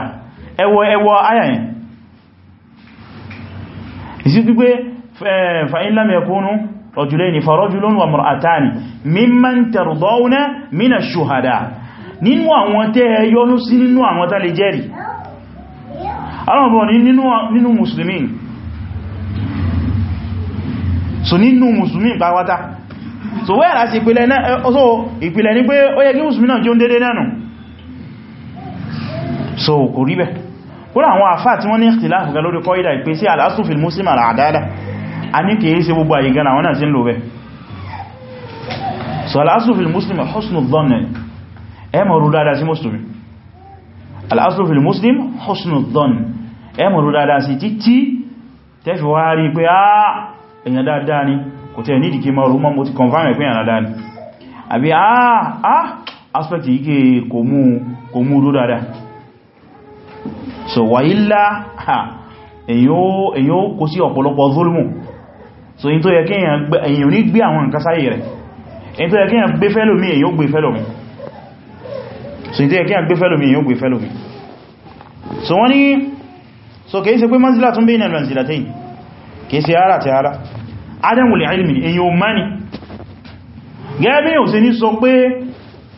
ẹwọ ẹwọ ayayin isi pípé fa nínú àwọn tẹ́ ẹ yọ́nú sí nínú àwọn tá lè jẹ́rì aláwọ̀bọ̀ nínú musulmi so nínú musulmi pàwátá so wẹ́yà láti ìpìlẹ̀ ní eh, pé ó yẹ kí musulmi náà jẹun dédé nánú so kò rí bẹ́ kúrò àwọn àfá tí wọ́n ní ikhtilaf ga lórí kọ́ídà ìpé sí alásùfil muslim al'adada a ní kìí ṣe gbogbo àyígán àwọn náà sí ń lò bẹ́ so alásùfil muslim ẹmọ̀rú dáadáa sí mùsùlùmí al'asùlùfil muslim husnul dhan ẹmọ̀rú dáadáa sí títí tẹ́fì wá rí pé á èyàn dáadáa ni kò tẹ́ ní ìdíkí mọ́rún mọ́ mo ti confirm pé èyàn dáadáa ni àbí á á aspect yìí kò mú kò mú rú dáadáa so wà ílá èyàn ó kó sí ọ̀pọ̀lọpọ̀ zulmù so in tó yẹ kí èyàn ní gbé àwọn nǹkan sáyé rẹ̀ so ní tí ẹ̀kí àgbé fẹ́lómi yóò gbé fẹ́lómi so wọ́n ní so kìí ṣe pé manzila tún bẹ́yìn manzila tẹ́yìn kìí ṣe ara ti ara adamul ilmi èyí o mani gẹ́gẹ́ bí yóò ṣe ní sọ pé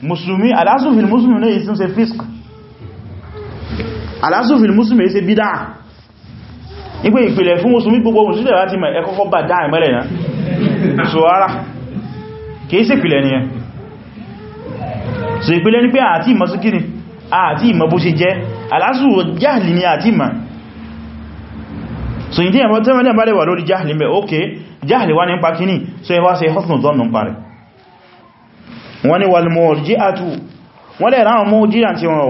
musulmi alásùfil musulmi náà ìsìn ṣe fisk alásùfil musulmi ṣe bídá ipé ìpìlẹ̀ fún musulmi gbogbo musulmi láti ẹkọ́kọ́ bá dáa ìmẹ́lẹ̀ náà so ara kìí ṣe ìpìlẹ̀ nìyẹn so ìpìlẹ̀ ní pé àti ìmọ̀ sí kíni àti ìmọ̀ bó ṣe jẹ́ aláṣù jáàlì ni àti ìmọ̀ so ìdí ẹ̀mọ́ tẹ́mọ́ dẹ̀mbá lẹ́wà lórí jáàlì mẹ́ ok jáàlì wá nípa kíní so ẹwà ṣe husnul zọ́nù ń parẹ̀ wọ́n ni tí wọ́n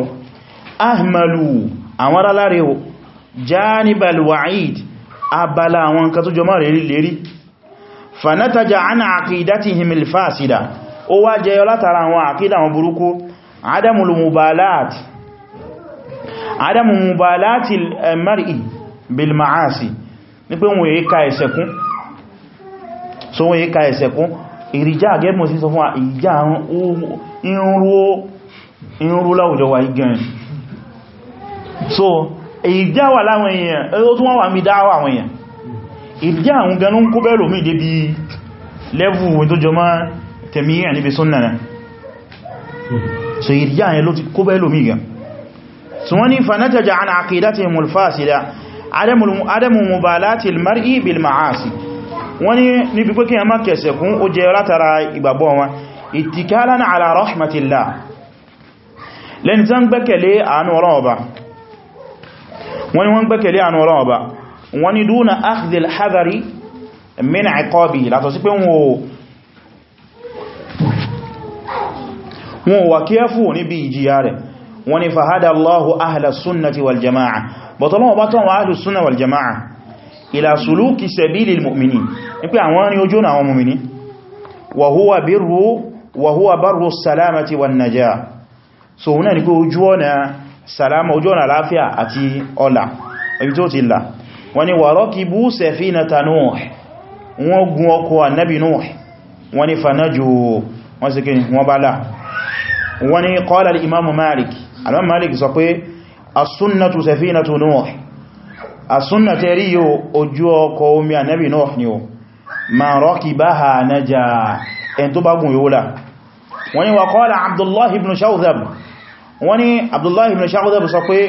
ahmalu ó wá jẹyọ látara àwọn àkídà àwọn burúkú adamul mubalat adamul mubalati al-mar'i bil ma'asi ní pé wọ́n yí ka ẹ̀sẹ̀kún so wọ́n yí ka ẹ̀sẹ̀kún ìrìjá gẹ́gbùn sí sọ fún ìjà ìrúnrú láwùjọ wà igan so ìjà wà láwọn èèyàn ó tún wọ́n wà mí dáwà àwọn èèyàn ìjà àwọn ganú kó bẹ́ẹ̀ lómi lẹ́bù tó tẹ̀mí yà níbi súnnà náà so ìrìyà yẹn ló ti kó bẹ́ lómi gan so wọ́n ni fanataja an aqidatihimul fasida adamu mubalati almar'i bil ma'asi wọ́n ni níbi pé kí a má kẹsẹ̀ kún ó jẹ látara ìgbàgbọ́ wọn ittikalan ala rahmatillah lẹ́ni tán gbẹ́kẹ̀lé àánú Ọlọ́run Ọba wọ́n ni wọ́n gbẹ́kẹ̀lé àánú Ọlọ́run Ọba wọ́n ni dúnà akhdhil hadari min iqabi látọ̀ sí pé wọn wọn wà kí ẹfù níbi ìjìyà rẹ̀ wọ́n ni fahada allahu ahla sunnati wal jama'a bọ̀tọ̀lọ́wọ́ bá tán wà ahlu sunna wal jama'a ila suluki sabilil mu'minin ní pé àwọn rí ojú àwọn mu'mini wa huwa birru wa huwa barru salamati wan najah so wọ́n ni pé ojú ọ̀nà salama ojú ọ̀nà láfíà àti ọlá ibi tó ti là wọ́n ni wa rakibu safinata nuh wọ́n gun ọkọ̀ annabi nuh wọ́n ni fanaju wọ́n sì kí wọ́n wọ́n ni qala al-imamu malik al-imamu malik sọ pé as-sunnatu safinatu nuh as-sunna tẹ́rí yóò ojú ọkọ̀ omi ànábì nuh ni o ma rakibaha naja ẹn tó bá gùn yóò lá wọ́n ni wa qala abdullahi ibn shawzab sọ pé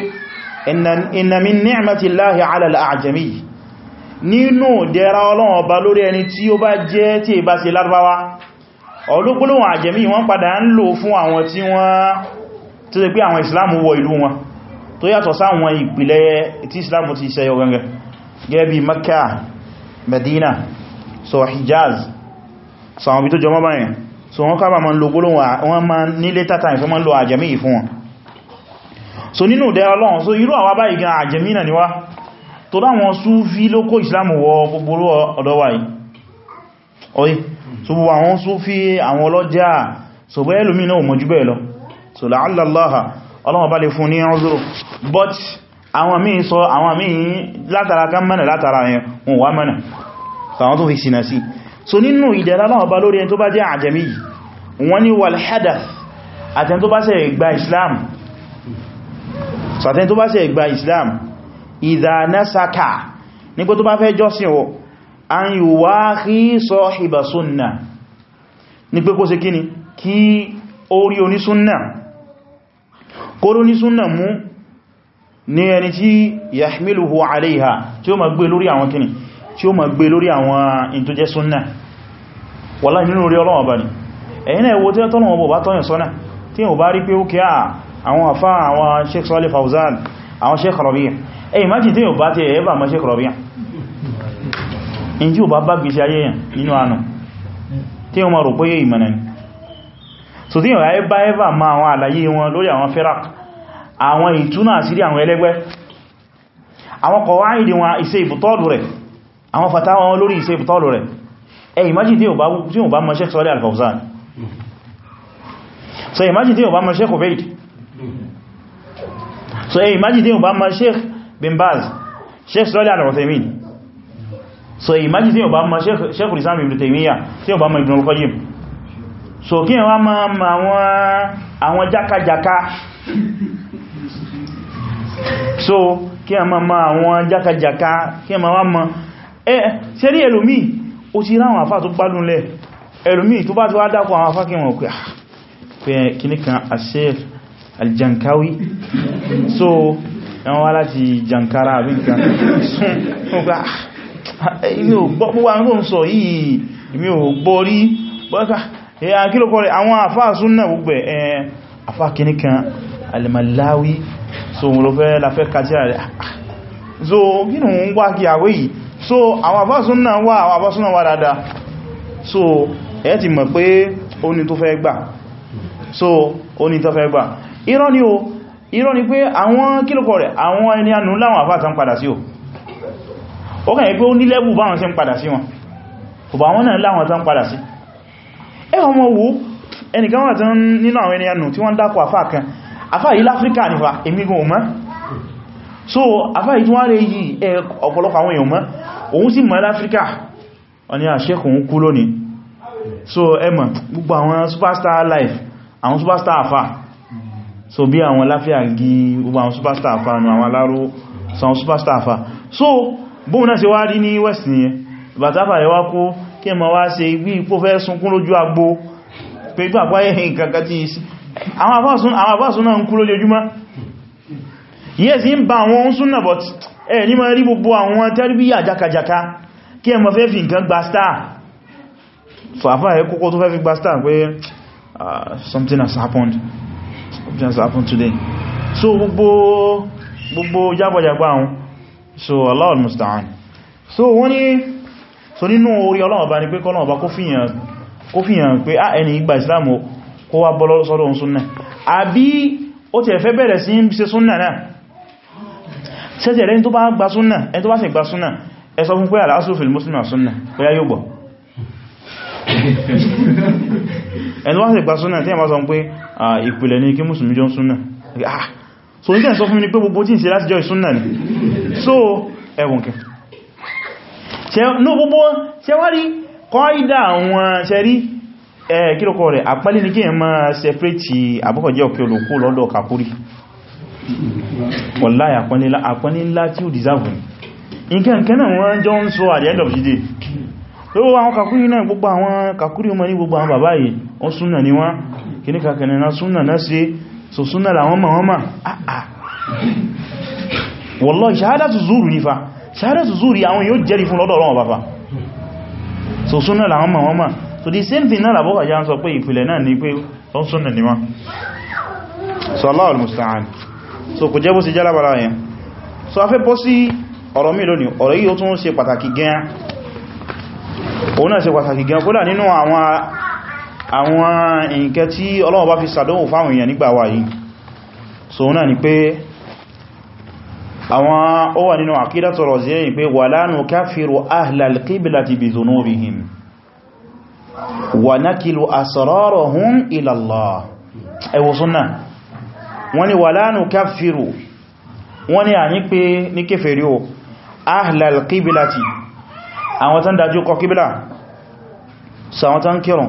inna min ni'matillahi ala al-a'jami nínú dẹ̀ra ọlọ́wọ́ ba lórí ẹni tí ó bá jẹ́ tí ì bá ṣe lárúbáwá olúgbólóhùn àjẹ̀mí wọ́n padà ń lò fún àwọn tí wọ́n tó ṣe pé àwọn islam wọ ìlú wọn tó yàtọ̀ sáwọn ìpìlẹ̀ tí islam ti ṣẹyọ gangan gẹ́gẹ́ bí Makka Medina so Hijaz so àwọn ibi tó jọmọ́ báyẹn so wọ́n kábà ma ń lo gbólóhùn wọ́n ma ní so nínú ìdẹ́ so irú àwa báyìí gan àjẹ̀mí náà ni wá tó dáwọn Súfí ló kó islam so gbogbo àwọn Sufi àwọn ọlọ́jà so bẹ́ ẹlòmí náà mọ̀ jú bẹ́ẹ̀ lọ so la'alla Allaha bá lè fún ní uzru but àwọn míì sọ àwọn míì látara kan mẹ́nà látara yẹn wọn wá mẹ́nà so àwọn tó fi sinà sí so nínú ìdẹ̀lá náà bá lórí ẹni tó bá jẹ́ àjẹmí wọ́n ni wal hadath àtẹni tó bá nígbó tó bá fẹ́ jọ́sìn wọ́ an yuwahi sahiba sunna ní pé kó ṣe kíni kí orí oní sunna kóró ní sunna mú ní ẹni tí yahmiluhu alaiha tí ó ma gbé lórí àwọn kíni tí ó ma gbé lórí àwọn in tó jẹ́ sunna wàlá nínú rí ọlọ́wọ̀ bá ní ẹ̀yìn náà ìwò tí ó tọ́lọ̀wọ̀ bọ̀ bá tọ́yìn sọ́nà tí in tí ó bá bá gbèsè ayé yàn nínú ànà tí wọ́n rò pé yẹ ìmọ̀nà ni so tí ìwà ẹbá ẹbá ma àwọn àlàyé wọn lórí àwọn feraq àwọn ìtúnà àsírí àwọn ẹlẹ́gbẹ́ àwọn kọwàáìdì wọn iṣẹ́ ìbùtọ́lù rẹ̀ àwọn fatawa wọn lórí iṣẹ́ ìbùtọ́lù rẹ̀ ẹ ìmájì tí ò bá mọ̀ Sheikh so ìmájì tí ò bá so ìmájì tí ò bá mọ̀ Sheikh Bin so imagine tí yóò bá ma sheikh islam ibn taimiyya tí yóò bá ma ibn al-qayyim so kí wọ́n ma àwọn jákàjáká so kí wọ́n ma ma àwọn jákàjáká kí wọ́n ma wá ma eh, ṣe rí ẹlòmí o ti ráwọn àfá tó gbádùn lẹ ẹlòmí tó bá ti wá dákọ àwọn àfá kí wọ́n pẹ̀ ah, kíníkan asir aljankawi so ẹwọ́n wá láti jankara àbí nǹkan inú gbọ́gbọ́ ń rún sọ yìí mi ò gbọ́ rí bọ́ta ẹ̀yà kí ló kọ́ rẹ̀ àwọn àfá súnnà gbogbo ẹ̀ àfá kìíní kan al-Malawi so mo lọ fẹ́ lafẹ́ kàtíra rẹ̀ so gínú ń wá kí àwẹ́ yìí so àwọn àfá súnnà wà àwọn àfá súnnà wà dáadáa ni o irọ́ ni pé àwọn kí rẹ̀ àwọn ẹni anú láwọn àfá tán padà sí o ó kàn yí ó ní lẹ́bù báwọn ṣe ń padà sí wọn kò wọn náà láwọn tán padà sí ẹ ọmọ wo ẹnìkan wà tán nínú àwọn ènìyàn tí wọ́n dákọ̀ àfá kan àfá yìí láfíríkà nípa èmi gan so àfá yìí tí wọ́n mọ́ so ẹmọ̀ gbogbo àwọn superstar so bóun náà ṣe wá rí ní west nìyẹn bàtàfà ẹwà kó kí ma wá ṣe igbí ipò fẹ́ sunkún lójú agbó pé igbó àpáyẹ nǹkankan tí isi àwọn àbáṣún náà ń kú lójoojúmọ́ yes ń ba àwọn oún súnnà but ẹ ní ma rí gbogbo àwọn tẹ́rìbíyà jakajaka kí ẹ ma fẹ́ fi nǹkan gba star fàfà ẹ kókó tó fẹ́ fi gba star pé ah, something has happened something has happened today so gbogbo gbogbo jágbàjàgbà àwọn so Allah al-musta'an so wọ́n ni so nínú orí Ọlọ́run bá ní pé kọ́lọ̀ ọba kó fihàn pé á ah, ẹni ìgbà ìsìláàmù kó wá bọ́lọ́ sọ́dọ̀ súnnà àbí ó tẹ̀ fẹ́ bẹ̀rẹ̀ sí ṣe súnnà náà sẹ́tẹ̀ rẹ̀ tó bá gba súnnà ẹni tó bá sì gba súnnà ẹ sọ fún pé al-aslu fil muslima súnnà pé yá yóò gbọ́ ẹni tó bá sì gba súnnà tí ẹ máa sọ pé ìpìlẹ̀ ní kí mùsùlùmí jọ súnnà ah, so ní tẹ́ sọ fún mi pé gbogbo tí ń ṣe láti jọ ni so ẹwùn kí ní gbogbo ṣe wá rí kọ́ìdá àwọn ṣẹ́rí kílòkọ́ rẹ̀ àpálẹ́ ní kí ẹ máa sẹpẹ́tì àbúkọ̀jẹ́ òkè olùkú lọ́dọ̀ kàkúrí wallahi àpọ́nlé ńlá tí ó dìzáàbù ní nkẹ́nkẹ́ náà wọ́n jọ ń sọ at end of the day lówó àwọn kàkúrí náà gbogbo àwọn kàkúrí ọmọ ní gbogbo àwọn bàbá yìí wọ́n súnà ní na súnà náà sí so súnà làwọn mọ̀ wọ́n mọ̀ ah, ah wallahi ṣahádátù zúrù nífà ṣahádátù zúrù àwọn yóò jẹ́rì fún lọ́dọ̀ ọlọ́wọ́ bàbá so súnà làwọn ma wọ́n ma so the same thing náà làbọ́kà já ń sọ pé ìpìlẹ̀ náà ni pé ó súnà ni wá so Allahu al-musta'an so kò jẹ́ bó ṣe jálábàlá yẹn so a fẹ́ bọ́ sí ọ̀rọ̀ mi lónìí ọ̀rọ̀ yìí ó tún àwọn ó wà nínú àkídàtò rọ̀zíyìn pé wà lánà káfíru ahlal qiblati bi dhunubihim wà nákìlù asrarahum ila Allah ẹwọ súnnà wọ́n ni wà lánà káfíru wọ́n ni a ní pé ní kéfèrí o ahlal qiblati àwọn tán dájú kọ kíbìlá sàwọn tán kírùn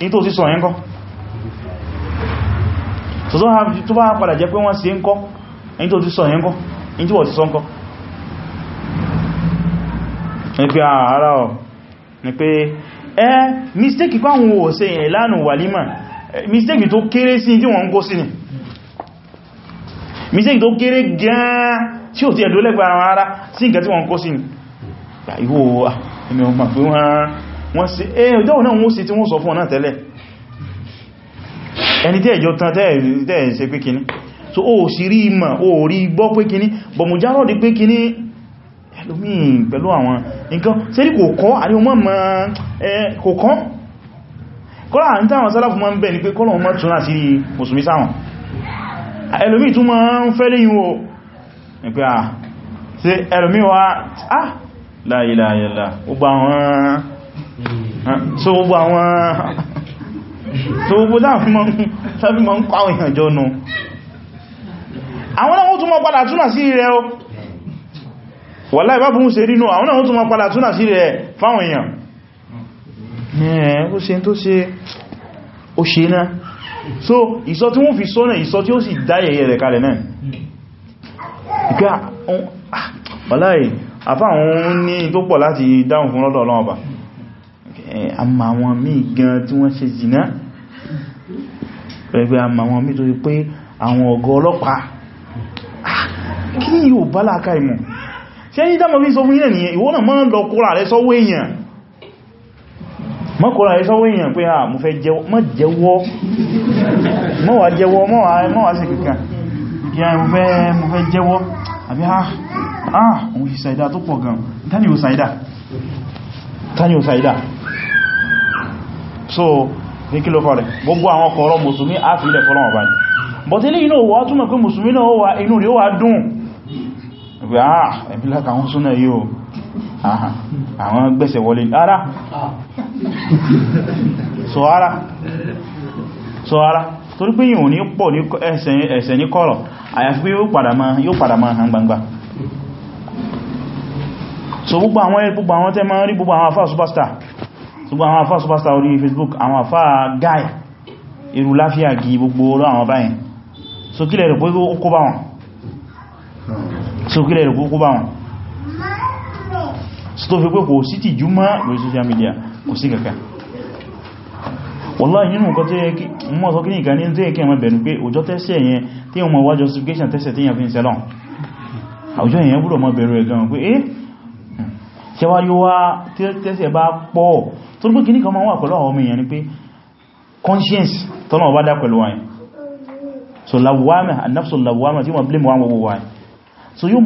ní tó sí sọ yẹn kọ́ tó bá padà jẹ́ pé wọ́n sí ń kọ́ ní tó sí sọ yẹn kọ́ ní tí wọ́n ti sọ ń kọ́ ní pé ah, ara ọ̀ ní pé ẹ́ mistake pàwọn ò ṣe ìlànà wàlímà mistake tó kéré sí tí wọ́n ń kó sí ni mistake tó kéré gan tí ò ti ẹ̀dọ́lẹ́gbà ara sí nǹkan tí wọ́n ń kó sí ni ìwò ah, ẹ̀mẹ̀ wọ́n sí ẹ̀yìn eh, ìjọ́ náà wọ́n sí tí wọ́n sọ fún ọ náà tẹ́lẹ̀ ẹni tí ẹjọ́ tán tẹ́ẹ̀ ṣe pé kíní so o sì rí ìmọ̀ o rí gbọ́ pé kíní bọ̀ mú járọ́ di pé kíní ẹlòmíì pẹ̀lú àwọn nǹkan sẹ́rí kò kọ́ àrí o mọ́ kò kọ́ kọ́lá ní táwọn sálàfù máa ń bẹ̀ ni pé kọ́lọ̀ mọ́ tún láti mùsùlùmí sáwọn ẹlòmíì tún máa ń fẹ́ lẹ́yìn o ní pé à ah, sí ẹlòmíì wá ah láìláìlá ó gbà wọn so gbogbo àwọn so gbogbo láàfin ma ń pàwọn èèyàn jọ nù àwọn náà tún mọ́ padà túnà sí rẹ̀ o wàláhì bá bùn ṣe rínú àwọn náà tún mọ́ padà túnà sí rẹ̀ fáwọn èèyàn ó ṣe tó ṣe ó ṣe náà so ìsọ tí wọ́n fi sọ náà ìsọ tí ó sì dáyẹyẹ rẹ̀ kalẹ̀ náà ìgbà ah, tó pọ̀ láti dáhùn fún lọ́dọ̀ ọlọ́ọ̀bà àmà àwọn míì gan tí wọ́n ṣe zìná pẹ̀lú àmà àwọn míì tó rí pé àwọn ọ̀gọ́ ọlọ́pàá ah, kí ni yóò bá láàká ìmọ̀ ṣe ní dámọ̀ bí sọ fún ilẹ̀ nìyẹn ìwọ́n náà máa lọ kóra rẹ sọ́wọ́ èèyàn mọ́ kóra rẹ sọ́wọ́ èèyàn pé à ah, mo fẹ́ jẹ́wọ́ mọ́ wà jẹ́wọ́ mọ́ wà sí kankan ìyá mo fẹ́ jẹ́wọ́ àbí ah, ah tani ò sàídá so ní kí ló kọ́ gbogbo àwọn kọ̀ọ̀rọ̀ mùsùlùmí á fi ilẹ̀ fọ́lọ́wọ̀ báyìí but ilé inú wọ́n túnmọ̀ pé mùsùlùmí náà wà inú rí wà dùn pé ah ẹ̀bí láta àwọn súnà yíò àwọn gbẹ̀sẹ̀ wọlé so ara so ara torí pé yíò ní pọ̀ ní ẹ̀sẹ̀ ní kọ̀rọ̀ àyàfi pé yóò padà máa hàn gbangba so gbogbo àwọn tẹ́ máa rí gbogbo àwọn afá superstar ṣùgbọ́n àwọn afá superstar orí facebook àwọn afá guy irú láfíà gí gbogbo orú àwọn báyìí sókílẹ̀ rẹ̀ pé kó bá wọn sókílẹ̀ rẹ̀ pé kó bá wọn sí tó fi pé kò sí ti jú mọ́ lórí social media kò sí kàkà wallahi nínú nǹkan tó yẹ kí mọ́ sọ kí ní ìkàní tó yẹ kí ẹmọ bẹ̀rù pé òjò tẹ́sẹ̀ yẹn tí wọ́n mọ̀ wá justification tẹ́sẹ̀ tí yẹn fi ń sẹ́lọ̀n àwùjọ yẹn ṣe wá yíwá tẹ́sẹ̀ bá pọ̀ tó gbé kìíní kan máa wà pẹ̀lú àwọn ọmọ èèyàn ni pé conscience tọ́nà ọba dá pẹ̀lú wáyìn so lawwama an-nafsul lawwama tí wọ́n blé mọ́ àwọn wáyìn so yóò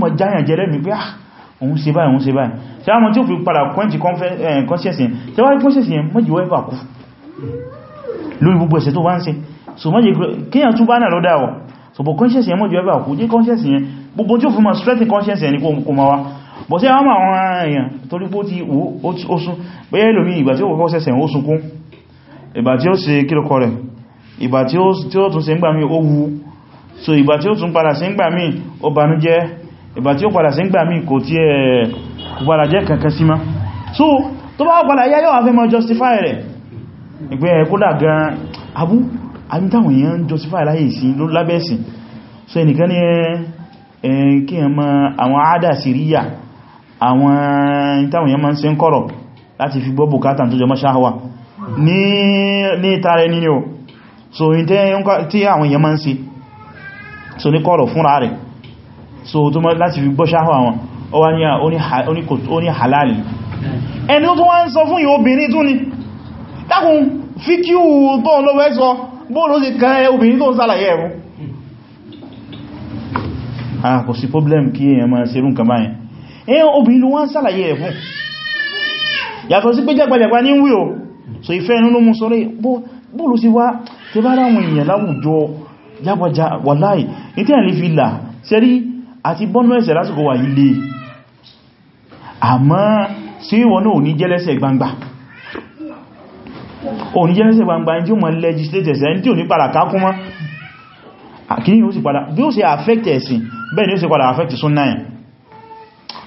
mọ̀ jáyàn jẹ́rẹ́ mi pé ah òun ṣe báyìí òun ṣe báyìí ṣe àwọn tí ó fi padà kọ́ǹtì eh, conscience yẹn ṣe wáyé conscience yẹn mọ́jì wọ́n ẹ̀fà kú lórí gbogbo ẹ̀ṣẹ̀ tó bá ń ṣe so mọ́jì kíyàn tún bá náà lọ́dá wọ̀ so bọ̀ conscience yẹn mọ́jì wọ́n ẹ̀fà kú jẹ́ conscience yẹn gbogbo tí ó fi mọ̀ strengthen conscience yẹn ni kó ma wá bọ̀ sí àwọn àwọn èèyàn torí pó ti ó sún bẹ́yẹ́ ìlòmí ìgbà tí ó kọ́kọ́ sẹ́sẹ̀ ó sunkún ìgbà tí ó ṣe kílùkọ rẹ̀ ìgbà tí ó tún ṣe ń gbà mí ó wu so ìgbà tí ó tún padà ṣe ń gbà mí ó banújẹ́ ìgbà tí ó padà ṣe ń gbà mí kò tí ẹ̀ padà jẹ́ kankan sí ma so tó bá padà yá yóò afẹ́mọ́ justify rẹ̀ ìgbẹ́ kódà gan abú àmìtàwọn èèyàn justify láyé ìsìn ló lábẹ́sìn so ẹnìkan ní ẹ̀ kí ẹ mọ àwọn àádà síríyà àwọn ìtàwọn èèyàn máa ń ṣe ń kọ̀rọ̀ láti fi gbọ́ bùkátà tó jọmọ́ ṣáhàwà ní ìtara ẹni ni o so tí àwọn èèyàn máa ń ṣe so ní kọ̀rọ̀ fúnra rẹ̀ so tó mọ́ láti fi gbọ́ ṣáhàwà wọn ó wá ní halali ẹni tó wá ń sọ fún obìnrin tún ni dákun fíkíù tó ń lọ́wọ́ obìnrin tó ń ah kò problem kí èèyàn máa ṣerú nǹkan báyìí ẹ̀yàn obìnrin ló wọ́n sàlàyé rẹ̀ fún yàtọ̀ sí pé jẹ́gbàjẹ̀gbà ní wí o so ìfẹ́ inú ló mú sọ́rẹ́ bóòlù sí wá tí bá ráwọn èèyàn láwùjọ jágbàjá wàláì ní tí àlè fi là sẹ́rí àti bọ́nú ẹ̀sẹ̀ lásìkò wà ilé àmọ́ sí wọn náà ní jẹ́lẹ́sẹ̀ gbangba òní jẹ́lẹ́sẹ̀ gbangba tí ó mọ̀ legislators ẹni tí ò ní padà kákún mọ́ kí ni ó sì padà bí ó sì affect ẹ̀sìn bẹ́ẹ̀ ni ó sì padà affect sunna yẹn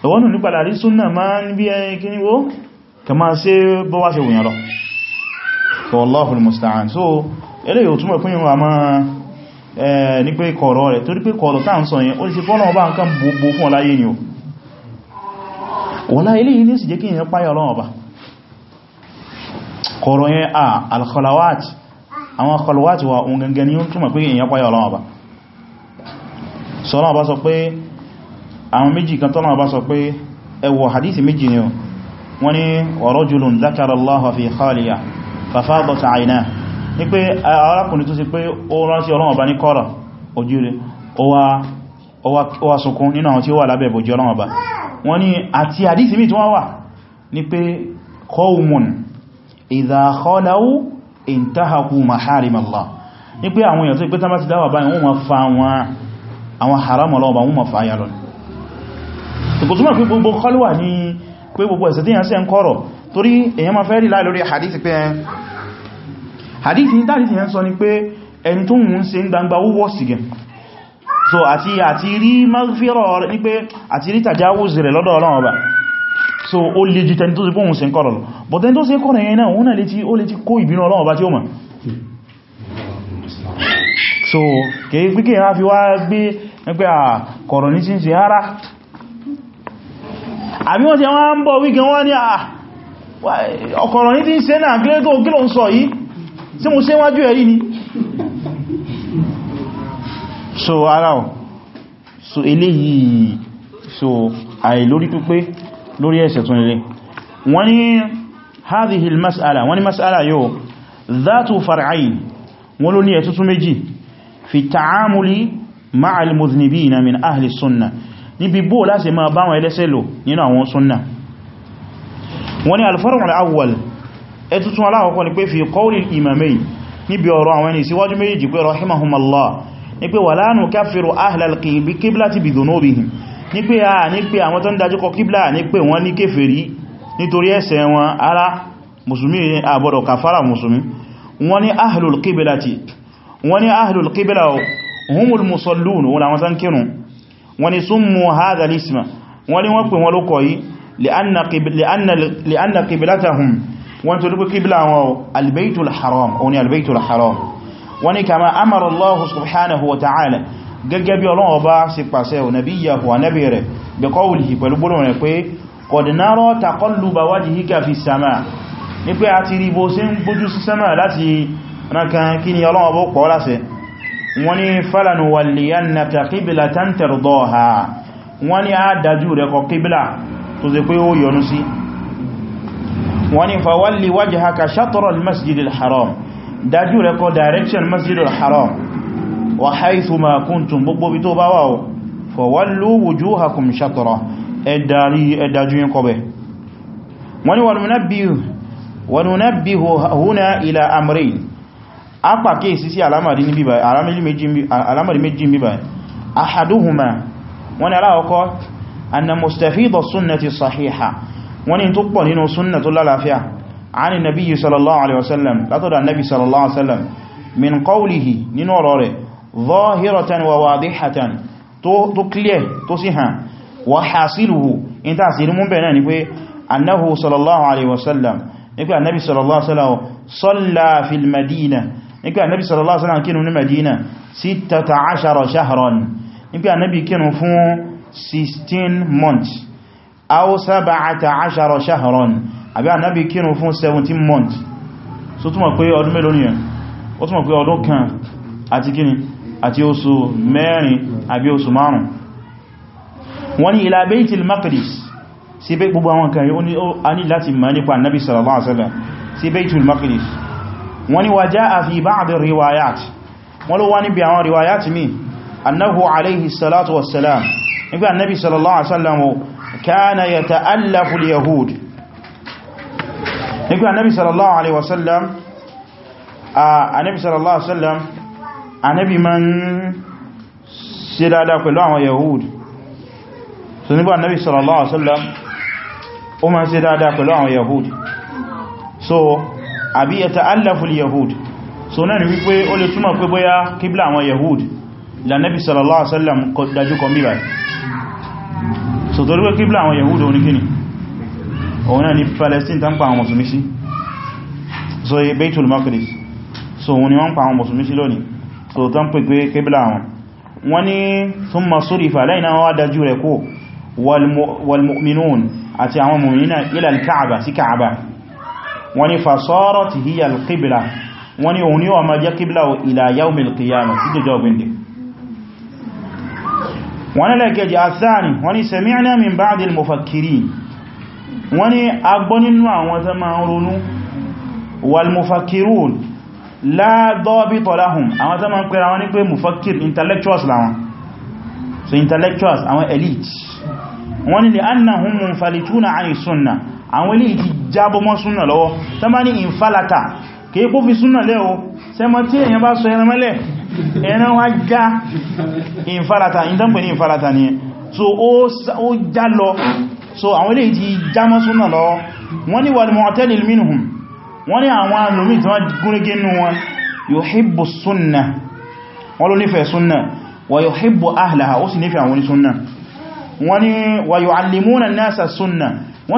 ẹ̀wọ́n nù nípadà rí súnnà máa ń bí ẹyìn kí ní wó kẹ máa ṣe bọ́ wá ṣe wùyàn lọ wallahu al-musta'an so ẹlẹ́ yóò túnmọ̀ fún ìwọ̀n àmá ní pé kọ̀rọ̀ rẹ̀ torí pé kọ̀rọ̀ táà ń sọ yẹn ó ti fọ́nà ọba nǹkan gbogbo fún ọláyé ni o wọ́lá ilé àwọn méjì kan tọ́nà bá sọ pé ẹwọ hadithi méjì ni wọ́n ni wa rajulun dhakara Allaha fi khaliya fafadat ayna ní pé arákùnrin tó sì pé ó rántí Ọlọ́run Ọba ní kọ́rọ̀ ojú rẹ̀ ó wá sunkún nínú àwọn tí ó wà lábẹ́ ìbòjú Ọlọ́run Ọba wọ́n ni àti hadithi mi tí wọ́n wà ní pé qawmun idha khalaw intahaku maharim Allah kò túnmọ̀ pé gbogbo kọlùwà ní pé gbogbo ẹ̀sẹ̀ tí yàn sí ẹ ń kọ́rọ̀ torí èyàn ma fẹ́ rí láì lórí hadithi pé hadithi ní tàbí yàn sọ ni pé ẹni tó mún ṣe ń gbangba ó wọ́sì so àti àti rí magfírọ̀ ní pé àti so ó lè ju tẹni tó ṣe pọ́hun ṣe ń kọ́rọ̀ lọ but ẹni tó ṣe so kèé pé kèé wá fi wá gbé ẹgbẹ́ àkọ̀rọ̀ ní sí ń ṣe ara àbí wọ́n ti wọ́n ń bọ̀ wíkẹ wọ́n ní ah, ọkọ̀rọ̀ ní ti ń ṣe náà kílé tó kílò ń sọ yìí sí mo ṣe wájú ẹ̀rí ni so ara ọ̀ so eléyìí so àìlórí pípé lórí ẹ̀ṣẹ̀ tún ilé wọ́n ní hadhihi masala wọ́n ní mas'ala yóò dhatu far'ayn wọ́n ló ní ẹ̀tútù méjì fi ta'amuli ma'al muznibina min ahli sunnah níbi bó láti máa báwọn ẹlẹ́sẹ̀ lò nínú àwọn súnnà wọ́n ni al-far'u al-awwal ẹtùtù aláwọ̀kọ́ ni pé fi qawli al-imamayn níbi ọ̀rọ̀ àwọn ẹni síwájú méjì pé rahimahumallah ní pé wala nukaffiru ahlal qiblati bi dhunubihim ní pé a ní pé àwọn tó ń dájú kọ kíblà ní pé wọ́n ní wọ́n ni summu hadha al-isma wọ́n ni wọ́n pè wọ́n lókọ̀ yìí li'anna qiblatahum wọ́n tó lókè kíbílá wọn al-baytul haram òun ni al-baytul haram wọ́n ni kama amara Allah subhanahu wa ta'ala a ti rí bó sí ń gbójú sí sama láti rankan kí ni Ọlọ́run bó wọ́n ní falanu walliyannaka qiblatan tardaha wọ́n ní a dájú rẹ̀ kọ kíbílà tó zai pé ó yọnu sí wọ́n ní fawalli wajhaka shatra al-masjid al-haram dájú rẹ̀ direction masjid haram wa haythu ma kuntum gbogbo bí tó bá wà fawallu wujuhakum shatra ẹ̀dájú yín kọbẹ̀ wọ́n ní wa a pàkíyèsí sí alamari ní bíbá alamari méjì bíbá ahaduhuma wọ́n ni aláwọ̀kọ́ anna mustafidọ̀ sunnati sahiha wọ́n ni tó pọ̀ nínú sunna tó lálàáfíà ani nabi sallallahu alaihi wasallam látọ̀dá nabi sallallahu alaihi wasallam min qawlihi nínú ọ̀rọ̀ rẹ̀ zahiratan wa wadihatan tó clear tó sì hàn wa hasiluhu in ta siri mun bẹ̀rẹ̀ ni pé annahu sallallahu alaihi nígbà anábi sallallahu alaihi wasallam kínú ní Madina sittata ashara shahran nígbà anábi kínú fún 16 months aw sab'ata ashara shahran àbí anábi kínú fún 17 months so túnmọ̀ pé ọdún mélòó nìyẹn ó túnmọ̀ pé ọdún kan àti kíni àti oṣù mẹ́rin àbí oṣù márùn wọ́n ní ila Baitil Maqdis sí bẹ́ gbogbo àwọn kan yóò ní láti mọ̀ nípa annabi sallallahu alaihi wasallam sí Baitul Maqdis wọ́n ni wà já a fi ba'd riwayat wọ́n ló wá níbi àwọn riwayat mi annahu alaihi salatu wassalam nígbà annabi sallallahu alaihi wasallam kana yata'allafu al-yahud nígbà annabi sallallahu alaihi wasallam annabi sallallahu alaihi wasallam annabi man ṣe dáadáa pẹ̀lú àwọn yahud so nígbà annabi sallallahu alaihi wasallam ó ṣe dáadáa pẹ̀lú àwọn yahud so àbí yata'allafu al-yahud so náà ni wípé ó lè túmọ̀ pé bóyá kíblà àwọn yahud lànẹ́bí sallallahu alaihi wasallam dájú kọ mí báyìí so torí pé kíblà àwọn yahud òní kíni òun náà ni palestine tán pa àwọn mùsùlùmí sí so Baitul Maqdis so òun ni wọ́n pa àwọn mùsùlùmí sí lónìí so tán pè pé kíblà àwọn wọ́n ní fasọ́rọ̀ ti hiya alqibla wọ́n ní òun ni wọ́n ma jẹ́ qibla ila yawm alqiyama sí jẹjọ gbindi wọ́n lẹ́kẹjì athani wọ́n ní sami'na min ba'd almufakkirin wọ́n ní agbọ́ nínú àwọn tó ma ń ronú walmufakkirun la dabita lahum àwọn àwọn ilé ìdí jábọ́ mọ́ súnà lọ́wọ́ tán bá ní ìfàlàtà kìí kó fi súnà lẹ́ o sẹ́mọ́ tí èyàn bá sọ ẹran mẹ́lẹ̀ ẹran wá já ìfàlàtà ìdánpẹ̀ ní ìfàlàtà ni so ó já lọ so àwọn ilé ti já mọ́ súnà lọ wọ́n ní wal mu'tadil minhum wọ́n ní àwọn alùmí tí wọ́n gúnrégé nú wọn yuhibbu súnà wọ́n ló nífẹ̀ẹ́ súnà wa yuhibbu ahlaha ó ń kọ́ àwọn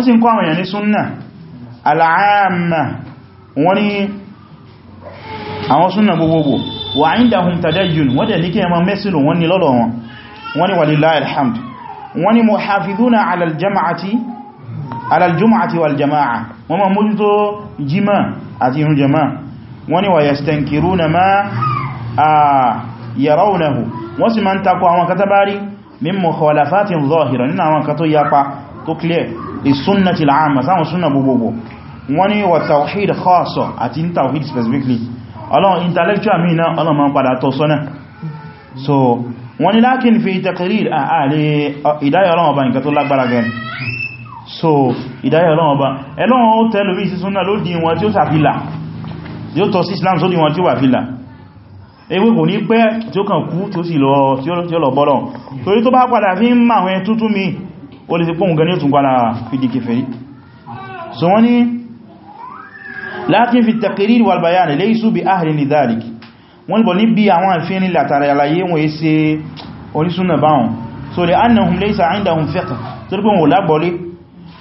èèyàn ní al'amma wọ́n ní àwọn súnà gbogbogbò wà indahum tadayyun wọ́n dẹ̀ ní kí ẹmọ mẹ́sìlò wọ́n ní lọ́dọ̀ wọn wọ́n ní walillahi alhamd wọ́n ní muhafidhuna ala al-jama'ati ala al-jum'ati wal jama'a wọ́n ma mójútó jímá àti irun jama'a wọ́n ní wa yastankiruna ma yarawnahu wọ́n sì ma ń takọ àwọn katabari min mukhalafatin zahira nínú àwọn kan tó yapa clear li sunnati al-amma sáwọn súnà wọ́n ní wà tawhid khassa àti ní tawhid specifically ọlọ́run intellectual mi náà ọlọ́run ma ń padà tọ́ sọ́nà so wọ́n ní lákín fi taqrir ààrẹ ìdáyà ọlọ́run ọba nǹkan tó lágbára gan so ìdáyà ọlọ́run ọba ẹlọ́run ó tẹ́lú bí sísun náà ló di Islam sódí wọn tí ó wà fìlà ewé kò ní pẹ́ tí ó kàn kú tí ó sì lọ tí ó lọ bọ́lọ̀ torí so wọ́n ní lakin fi taqrir wal bayan laysu bi ahli li dhalik wọ́n bo ní bí àwọn afin ni latara àlàyé wọn ese oni sunna baun so li annahum laysa indahum fiqh turbun wala bole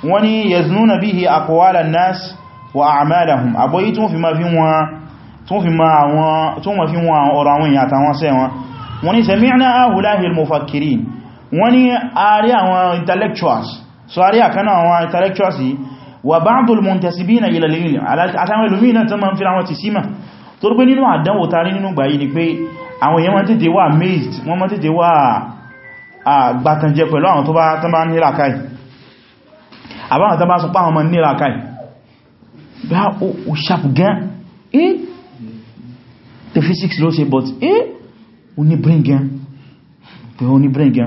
wọ́n ní yaznuna bihi aqwala an-nas wa a'malahum aboyi tún fi ma fi wọn tún fi ma àwọn tún ma wọ́n ní sami'na ahulahi al-mufakkirin wọ́n ní intellectuals so ari akana àwọn wà ba'dul muntasibina ila al-ilm àtàwọn ìlúmínà tó máa ń fira wọn ti símà tó rúgbé nínú àdánwò tarí nínú gbà amazed wọ́n máa tètè wà àgbàtànjẹ pẹ̀lú àwọn tó bá nílà káì àbáwọn tó bá sọ páwọn ọmọ nílà káì bá o sharp gan eh the physics ló ṣe but eh o ní brain gan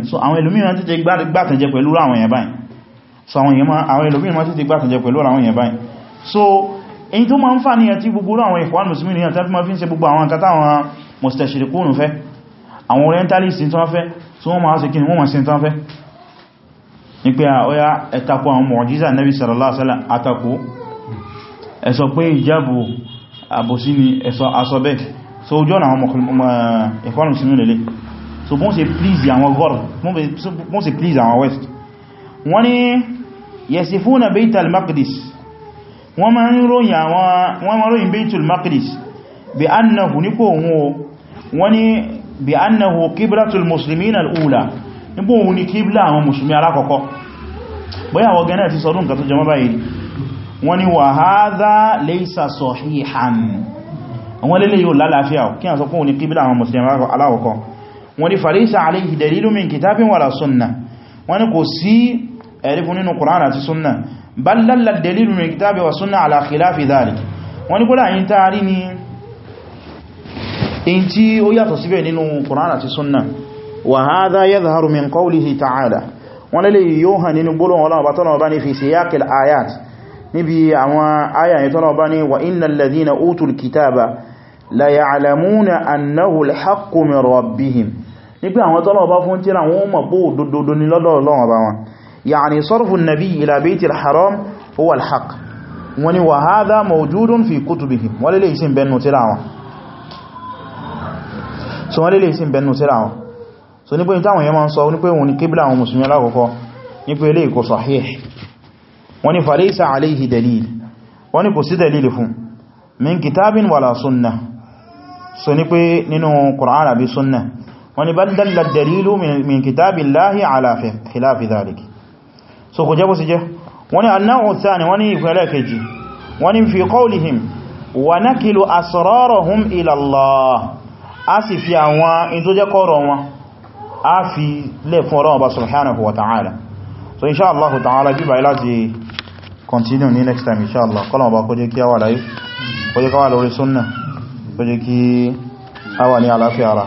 so àwọn ìlúmínà tètè gbàtànjẹ pẹ̀lú àwọn èèyàn báyìí so àwọn ma àwọn ẹlòmíràn ma títí gbákanjẹ pẹ̀lú àwọn èèyàn báyìí so èyí tó ma ń fà ní ẹ̀tí gbogbo àwọn ìkwán musulmi ni àtàbí ma fi ń ṣe gbogbo àwọn kátà àwọn mustashirikun fẹ́ àwọn orientalist tí wọ́n fẹ́ tí wọ́n ma ṣe kí ni wọ́n ma ṣe tán fẹ́ ní pé àọ́yá ẹ̀takò àwọn mọ̀jíza nabi sallallahu alaihi wasallam àtakò ẹ pé ìjábù àbòsí ni ẹ̀sọ asọ́bẹ̀ so ojú ọ̀nà àwọn ìkwán musulmi lele so bọ́n ṣe please àwọn gọ́ọ̀rọ̀ bọ́n ṣe please west wọ́n ni yasifuna baitul maqdis wọ́n ma ń ròyìn àwọn wọ́n ma ròyìn baitul maqdis bí annahu ní kò hún o wọ́n ni bí annahu qiblatul muslimin al'ula níbò hun ni qibla àwọn musulmi alákọ̀ọ́kọ́ bóyá wọ́n gẹ́nà ti sọdún ka tó jama báyìí wọ́n ni wa hadha laysa sahihan àwọn lélẹ̀ yóò lálàáfíà kí a sọ ní qibla àwọn musulmi alákọ̀ọ́kọ́ wọ́n ni falaysa alayhi dalilun min kitabin wala wọ́n ni kò sí ẹ̀rí fún nínú Qur'an àti súnnà bal dalla dalilu min kitabi wa súnnà ala khilafi dhalik wọ́n ní kúrò àyíká rí ní in tí ó yàtọ̀ síbẹ̀ nínú Qur'an àti súnnà wa hadha yadhharu min qawlihi ta'ala wọ́n lè yóò hàn nínú gbólóhùn Ọlọ́run bá tọ́lọ̀ bá ní fi siyaqil ayat níbi àwọn ayà yìí tọ́lọ̀ bá ní wa innal ladhina utul kitaba la ya'lamuna annahu fún tíra wọn mọ̀ pó òdodo ní lọ́dọ̀ Ọlọ́run bá wọn يعني صرف النبي إلى بيت الحرام هو الحق وني وهذا موجود في كتبهم ولا ليس بينه تلاوه so wọ́n lè lè sí ìbẹnu síra wọn so nípo ìtàwọn yẹn ma ń sọ nípo ìwọ̀n ni kíblà àwọn musulmi alákọ̀ọ́kọ́ nípo ilé ìkò sahih wọ́n ni falaysa alayhi dalil wọ́n ni kò sí dalil fún min kitabin wala sunna so nípo nínú Qur'an àbí sunna wọ́n ni bal dalla dalilu min kitabillahi ala khilafi dhalik so kò jẹ́ bó sì jẹ́ wọ́n ni annáhùn tàní wọ́n ni ìpínlẹ̀ kejì wọ́n ni fi qawlihim wa nakilu asrarahum ila Allah a sì fi àwọn in tó jẹ́ kọ́rọ̀ wọn a fi lè fún ọ̀rọ̀ ọba subhanahu wa ta'ala so insha Allah ta'ala bí báyìí láti continue ní next time insha Allah kọ́lọ̀ ọba kó jẹ́ kí àwà láyé kó jẹ́ káwà lórí súnnà kó jẹ́ kí àwà ní àlàáfíà ara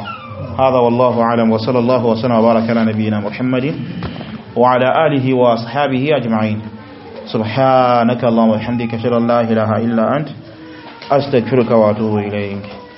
هذا والله أعلم وصلى الله وسلم وبارك على نبينا محمد وعلى آله وأصحابه أجمعين سبحانك اللهم وبحمدك اشهد ان لا اله الا انت استغفرك واتوب اليك